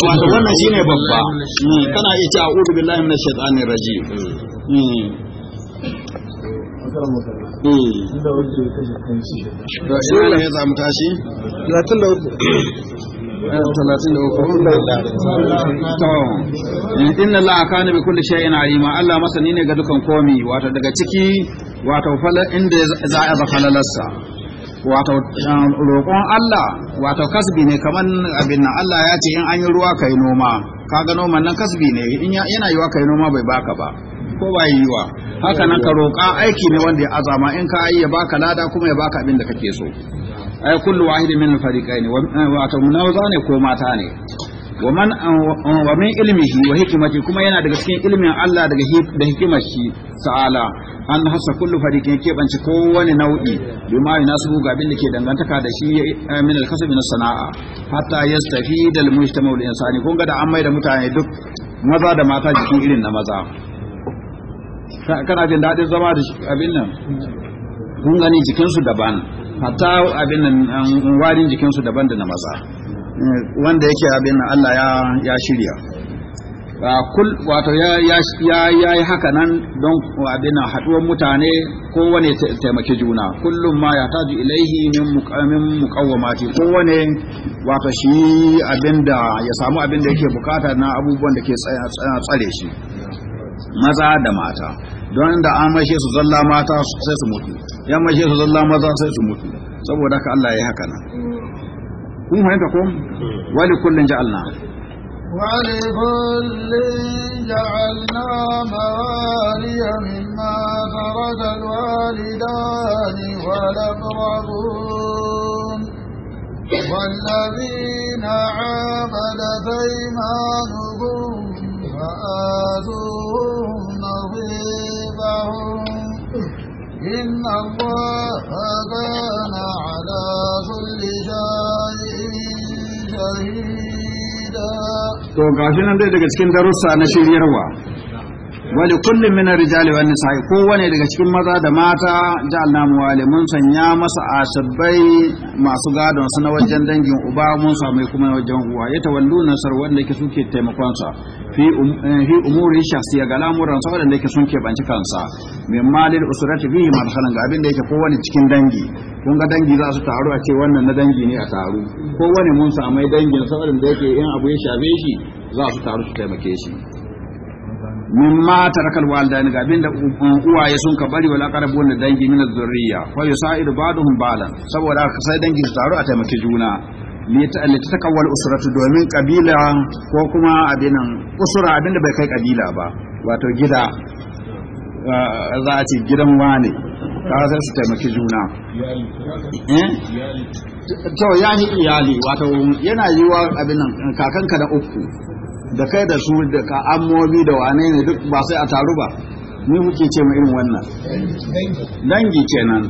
wato wannan shine babba hmm, kana iya ce a'udhu billahi minash shaitanir rajim hmm. Hmm. shi ne ya zamu tashi? 33 inna Allah kana bi kulli shay'in alima Allah masani ne ga dukan komi wato daga ciki wato fala inda za a ba falalarsa wato um, roƙon Allah wato kasbi ne kaman abin nan Allah ya ce in an yi ruwa kai noma kaga noman nan kasbi ne in yana yiwa kai noma bai baka ba ko ba wa haka nan ka roƙa aiki ne wanda ya azama in ka yi ya baka lada kuma ya baka abin da kake so ai kullu wahidin min al wa eh, wato munawza ne ko mata ne man eh, wa min ilmihi wa hikmati kuma yana daga cikin ilmin Allah daga da hikimar shi ta'ala an hasa kullu fariqin ke banci kowane nau'i bima yunasibu ga abin da ke dangantaka da shi eh, min al-kasb min sana'a hatta yastafida al mujtamau al insani kun ga da an mai da mutane duk maza da mata jikin irin na maza kana jin daɗin zama da abin nan kun gani jikinsu daban hatta abin nan warin jikinsu daban da na maza eh, wanda yake abin nan Allah ya ya shirya kul wato ya ya ya yi haka nan don abin nan haduwar mutane kowane taimake juna kullum ma ya taji ilaihi min muqamin muqawamati kowane wato shi abin da ya samu abin da yake bukata na abubuwan da ke tsare shi maza da mata don da an mashe su zalla mata sai su mutu ya mashe su zalla maza sai su mutu saboda haka Allah ya yi haka nan kun fahimta ko wali kullun ja'alna wali kullun ja'alna mawaliya mimma farada alwalidani wal aqrabun والذين ma أيمانهم وآتوهم نصيبهم إن الله كان على كل شيء شهيدا. To gashi nan dai daga cikin darussa na shiryarwa wali kullum minar rijali wani nisa'i kowane daga cikin maza da mata ja'alna wale mun sanya masa asabbai masu gadon su na wajen dangin uba mun sami kuma wajen uwa ya tawallu nasar wanda ke suke taimakonsa fi fi umuri shakhsiyya ga lamuran sa wanda ke sun ke banci kansa min malil usrati bihi madkhalan ga abin da yake kowane cikin dangi kun ga dangi za su taru a ce wannan na dangi ne a taru kowane mun sami dangin sa wanda yake in abu ya shafe shi za su taru su taimake shi min ma tarakal walidani ga abinda uwaye sun ka bari wal aqrabun da dangi min zurriya fa yusaidu ba'dhum balan saboda haka sai dangi su taru a taimaki juna li takawwal usratu domin kabila ko kuma abinan usura abinda bai kai kabila ba wato gida za a ce gidan wane ta sai su taimaki juna to ya ni iyali wato yana yiwa abinan ka da uku da kai da su da ka ammobi da wane ne duk ba sai a taru ba ni muke ce mu irin wannan dangi kenan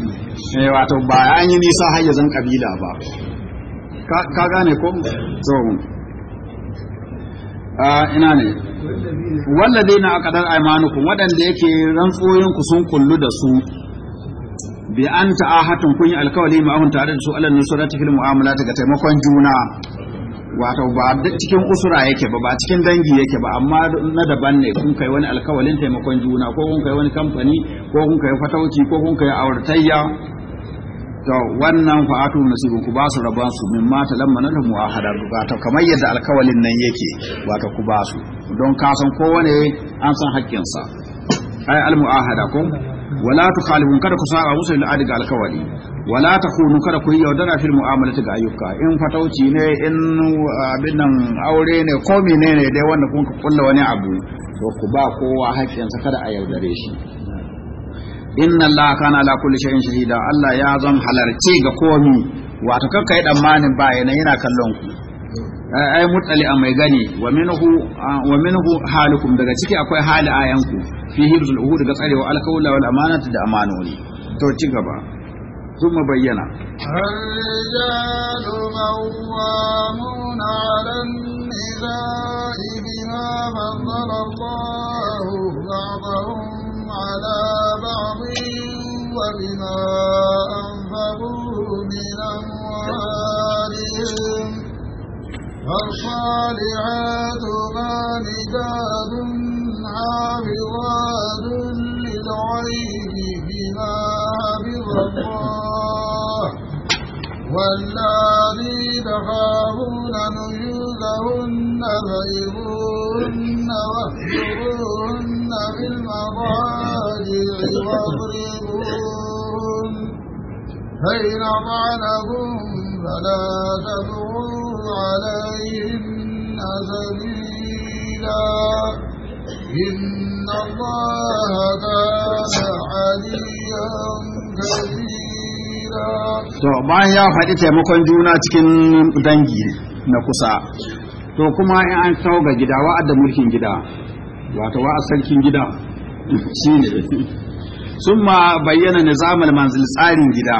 eh wato ba an yi nisa hayyazan kabila ba ka gane ko to a ina ne walladina aqdar aymanukum wadanda yake rantsoyin ku sun kullu da su bi an ta'ahatun kun yi alkawali ma'ahun tare da su alal nusrati fil mu'amalat ga taimakon juna wato ba cikin usura yake ba ba cikin dangi yake ba amma na daban ne kun kai wani alkawalin taimakon juna ko kun kai wani kamfani ko kun kai fatauci ko kun kai auratayya to wannan fa atu ku ba su raban su min lamma na da muahada wato kamar yadda alkawalin nan yake wato ku ba su don ka san kowane an san haƙƙinsa ai al muahada ko wala tukhalifun kada ku saba musu lil adi alkawari wala takunu kada ku yi yaudara fil mu'amalati ga ayyuka in fatauci ne in abin nan aure ne ko menene dai wanda kun ka kulla wani abu to ku ba kowa haƙƙinsa kada a yaudare shi inna allaha kana ala kulli shay'in shahida allah ya zan halarci ga komi wato kakkai dan manin ba yana yana kallon ku Eh, ai mutsali a mai gani wa minhu halukum daga ciki akwai hali ayanku fi hibzul uhud daga tsarewa alkawla wal amanatu da amanoni to ci gaba ثم بين الرجال قوامون على النساء بما فضل الله بعضهم على بعض وبما من فالصالحات قانتات حافظات للغيب بما حفظ الله والذي تخافون نشوزهن فإذوهن واهجروهن في المضاجع واضربوهن فإن أطعنكم فلا تبغوا على سبيلا إن الله كان عليا كبيرا to bayan ya faɗi taimakon juna cikin dangi na kusa to kuma in an kawo ga gida wa'adda mulkin gida wato a sarkin gida Sun ma bayyana nizamul manzil tsarin gida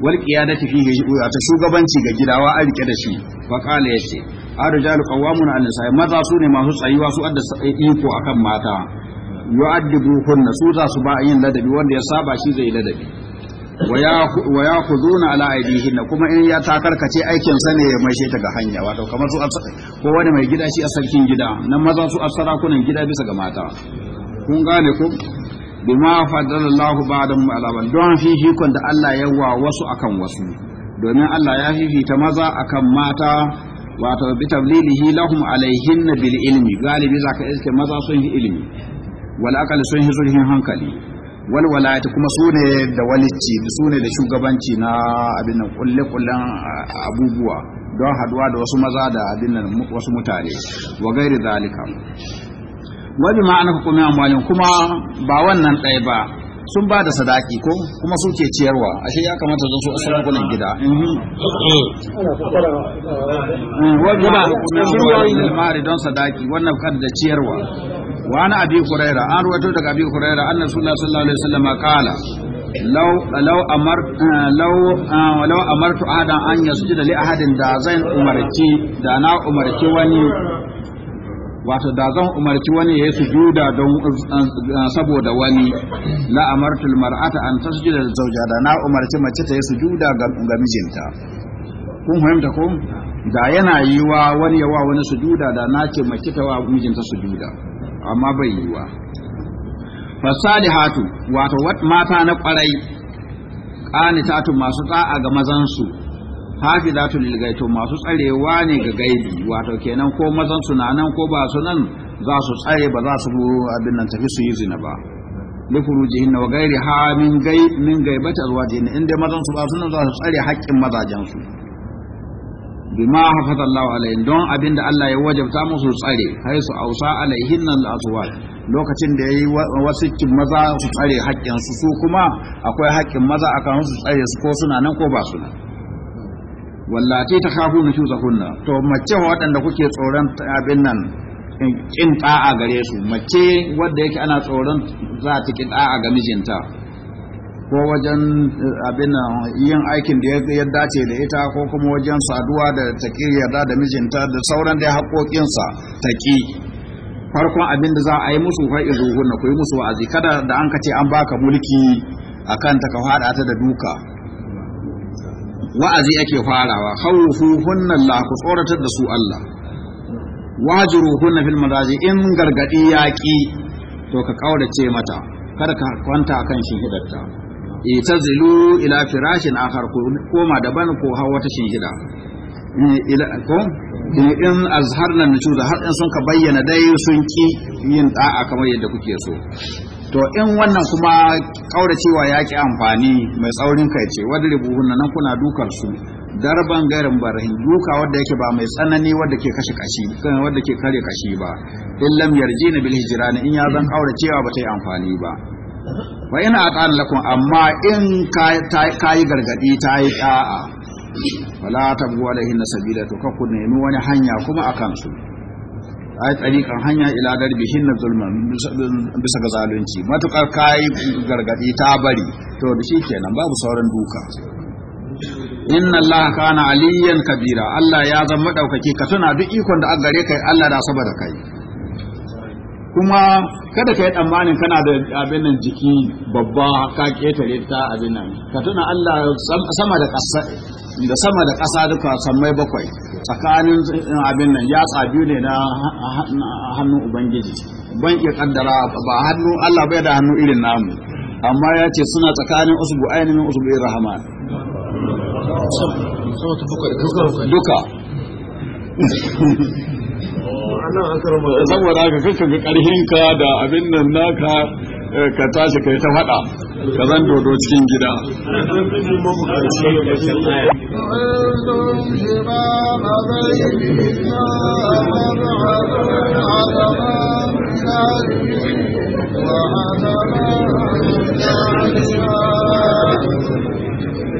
walƙiya da tafi ga shi, ta shugabanci ga gida wa a rike da shi ba ƙala ya ce ar-rijalu qawwamuna 'ala nisa maza su masu tsayuwa su adda iko akan mata yu'addibu kunna su za su ba yin ladabi wanda ya saba shi zai ladabi wa ya khuduna ala aidihin kuma in ya takarkace aikin sa ne ya maishe ga hanya wato kamar su ko wani mai gida shi asarkin gida nan maza su asara gida bisa ga mata kun gane ko bima fadalallahu ba'dahum ala ba'd don kun da Allah ya wa wasu akan wasu domin Allah ya fifita maza akan mata wato bi tablilihi lahum alaihin bil ilmi galibi zaka iske maza sun yi ilimi wal aqal sun yi sulhin hankali wal walayati kuma sune da walici sune da shugabanci na abin nan kulle kullen abubuwa don haduwa da wasu maza da abin nan wasu mutane wa gairi zalika wa bi ma'ana kuma kuma ba wannan ɗaya ba sun ba da sadaki ko kuma suke ciyarwa ashe ya kamata zan so asalin kunan gida wanda don sadaki wannan kan da ciyarwa wa ana abi huraira an ruwato daga abi huraira annabi sallallahu alaihi wasallam kala لو لو امرت لو لو امرت احدا ان يسجد لاحد دا زين امرتي دا نا امرتي وني wato da zan umarci wani ya yi sujuda don eh, saboda wani la amartul mar'ata an tasjuda da zauja da na umarci mace ta yi sujuda ga mijinta kun fahimta ko da yana yi wa wani yawa wani sujuda da na ce mace ta wa mijinta sujuda amma bai yi wa fasalihatu wato mata na kwarai qanitatu masu ta'a ga mazan su. hafizatu lil gaito masu tsarewa ne ga gaibi wato kenan ko mazan suna nan ko ba su nan za su tsare ba za su abin nan tafi su yi zina ba li furujihin wa gairi ha min gai min zuwa azwajihin inda mazan su ba su nan za su tsare haƙƙin mazajen su bima hafaza Allah alaihin don abinda Allah ya wajabta musu tsare hay su ausa alaihin nan azwaj lokacin da yayi wasikin maza su tsare haƙƙin su su kuma akwai haƙƙin maza akan su tsare su ko suna nan ko ba su nan wallati ta kafu kunna to mace waɗanda kuke tsoron abin nan in ta'a gare su mace wadda yake ana tsoron za ta kin ta'a ga mijinta ko wajen eh, abin yin aikin da ya dace da ita ko kuma wajen saduwa da ta yarda da mijinta da sauran da haƙoƙinsa ta ƙi. farkon abin da za a yi musu fa'izuhunna ku yi musu wa'azi kada da an kace an baka mulki akan ta ka faɗa ta da duka wa'azi ake farawa khawfuhunna Allah ku tsoratar da su Allah wajruhunna fil madaji in gargadi yaki to ka ƙaurace mata kada ka kwanta akan shinhidarta itazilu ila firashin akhar ku koma daban ko hawa ta shinhida eh, ila ko eh, in azharna da har in sun ka bayyana dai sun ki yin ɗa'a kamar yadda kuke so to in wannan kuma kauracewa ya ki amfani mai tsaurin kai ce wadda rubuhun nan kuna dukar su darban garin barahin duka wadda yake ba mai tsanani wadda ke kashe kashi wadda ke kare kashi ba in lam na bil ne in ya zan kauracewa ba ta yi amfani ba wa ina aqan lakum amma in kai gargadi ta yi da'a wala tabgu alaihi nasabila to ka ku nemi wani hanya kuma akan su ai tsarikan hanya ila darbihin na zulman bisa ga zalunci matukar kayi gargadi ta bari to da shi kenan babu sauran duka inna Allah kana aliyan kabira Allah ya zama ɗaukaki ka tuna duk ikon da aka gare kai Allah da saboda kai kuma kada ka yi tsammanin kana da abin nan jiki babba ka ketare ta abin nan ka tuna Allah sama da ƙasa da sama da ƙasa duka sammai bakwai tsakanin eh, abin nan ya tsabi ne na hannun ubangiji ban iya kaddara ba hannu Allah bai da hannu irin namu amma ya ce suna tsakanin usbu ainihin usbu rahman duka saboda haka kaka ga karhinka da abin nan naka eh, ka tashi kai ta faɗa ka zan dodo cikin gida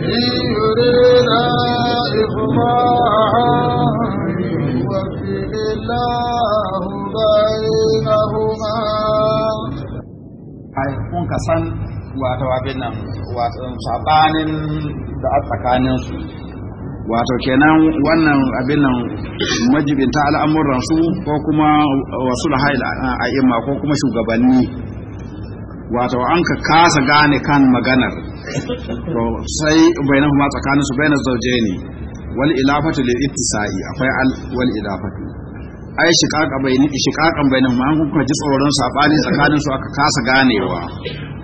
إن يريد إغماء suka san wato abin nan wato sabanin da a tsakanin su wato kenan wannan abin nan majibinta al'amuran su ko kuma wasu da a imma ko kuma shugabanni wato an ka kasa gane kan maganar to sai bainahu kuma tsakanin su bainar zauje ne wal ilafatu lil ittisai akwai al wal ilafatu ai shiqaqan bayin shiqaqan bainin ma an kuka ji tsoron sabani tsakanin su aka kasa ganewa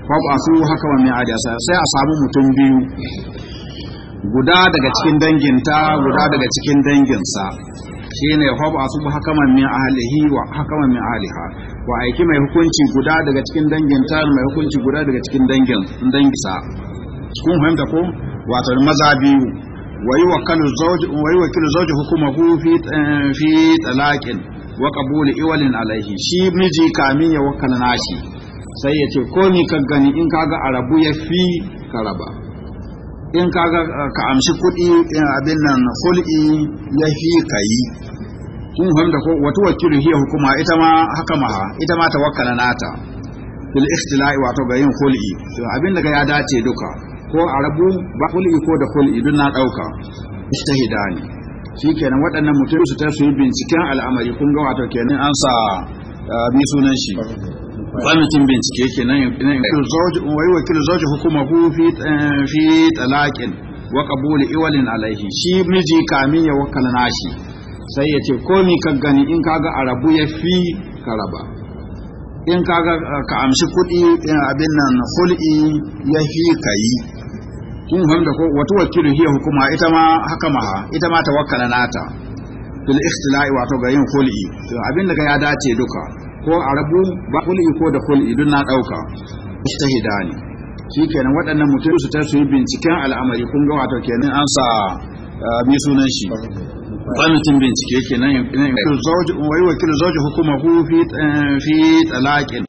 ko ba su haka wannan hadisa sai a samu mutum biyu guda daga cikin danginta guda daga cikin danginsa shine ko ba su hakaman min ahlihi wa hakaman min Aliha. wa aiki mai hukunci guda daga cikin danginta mai hukunci guda daga cikin dangin dangisa kun fahimta ko wato maza biyu ويوكل الزوج ويوكل الزوج حكمه في في طلاق وقبول إول عليه شي مجي كامي يوكل ناشي sai ya ce ko ni ka gani in kaga a rabu ya fi ka raba in kaga ka amshi kuɗi abin nan hulɗi ya fi ka yi kun fahimta ko wata wakilu hiya hukuma ita ma haka maha ita ma ta wakana nata fil ikhtila'i wato ga yin hulɗi abin da ya dace duka ko a rabu ba kul'i ko da kul'i idan na ɗauka ishtahida ne shi kenan waɗannan mutum su ta su yi binciken al'amari kun ga wato kenan an sa bi ah, sunan shi kwamitin bincike kenan wai wakil zauji hukuma hu eh, fi talaqin wa qabuli iwalin alaihi shi miji kamin ya wakala nashi sai ya ce ni ka gani in kaga arabu ya fi ka raba in kaga ah, ka amshi kuɗi eh, abin nan khul'i ya fi ka yi kun fahimta ko wata wakilu hiya hukuma ita ma haka ma ita ma tawakkala nata fil ikhtila'i wato ga yin khul'i to abin da ga ya dace duka ko a rabu ba khul'i ko da khul'i duk na dauka ishtahidani shikenan waɗannan mutum su ta su yi binciken al'amari kun ga wato kenan an sa bi sunan shi kwamitin bincike kenan yin wakilu zauji hukumahu fi talaqin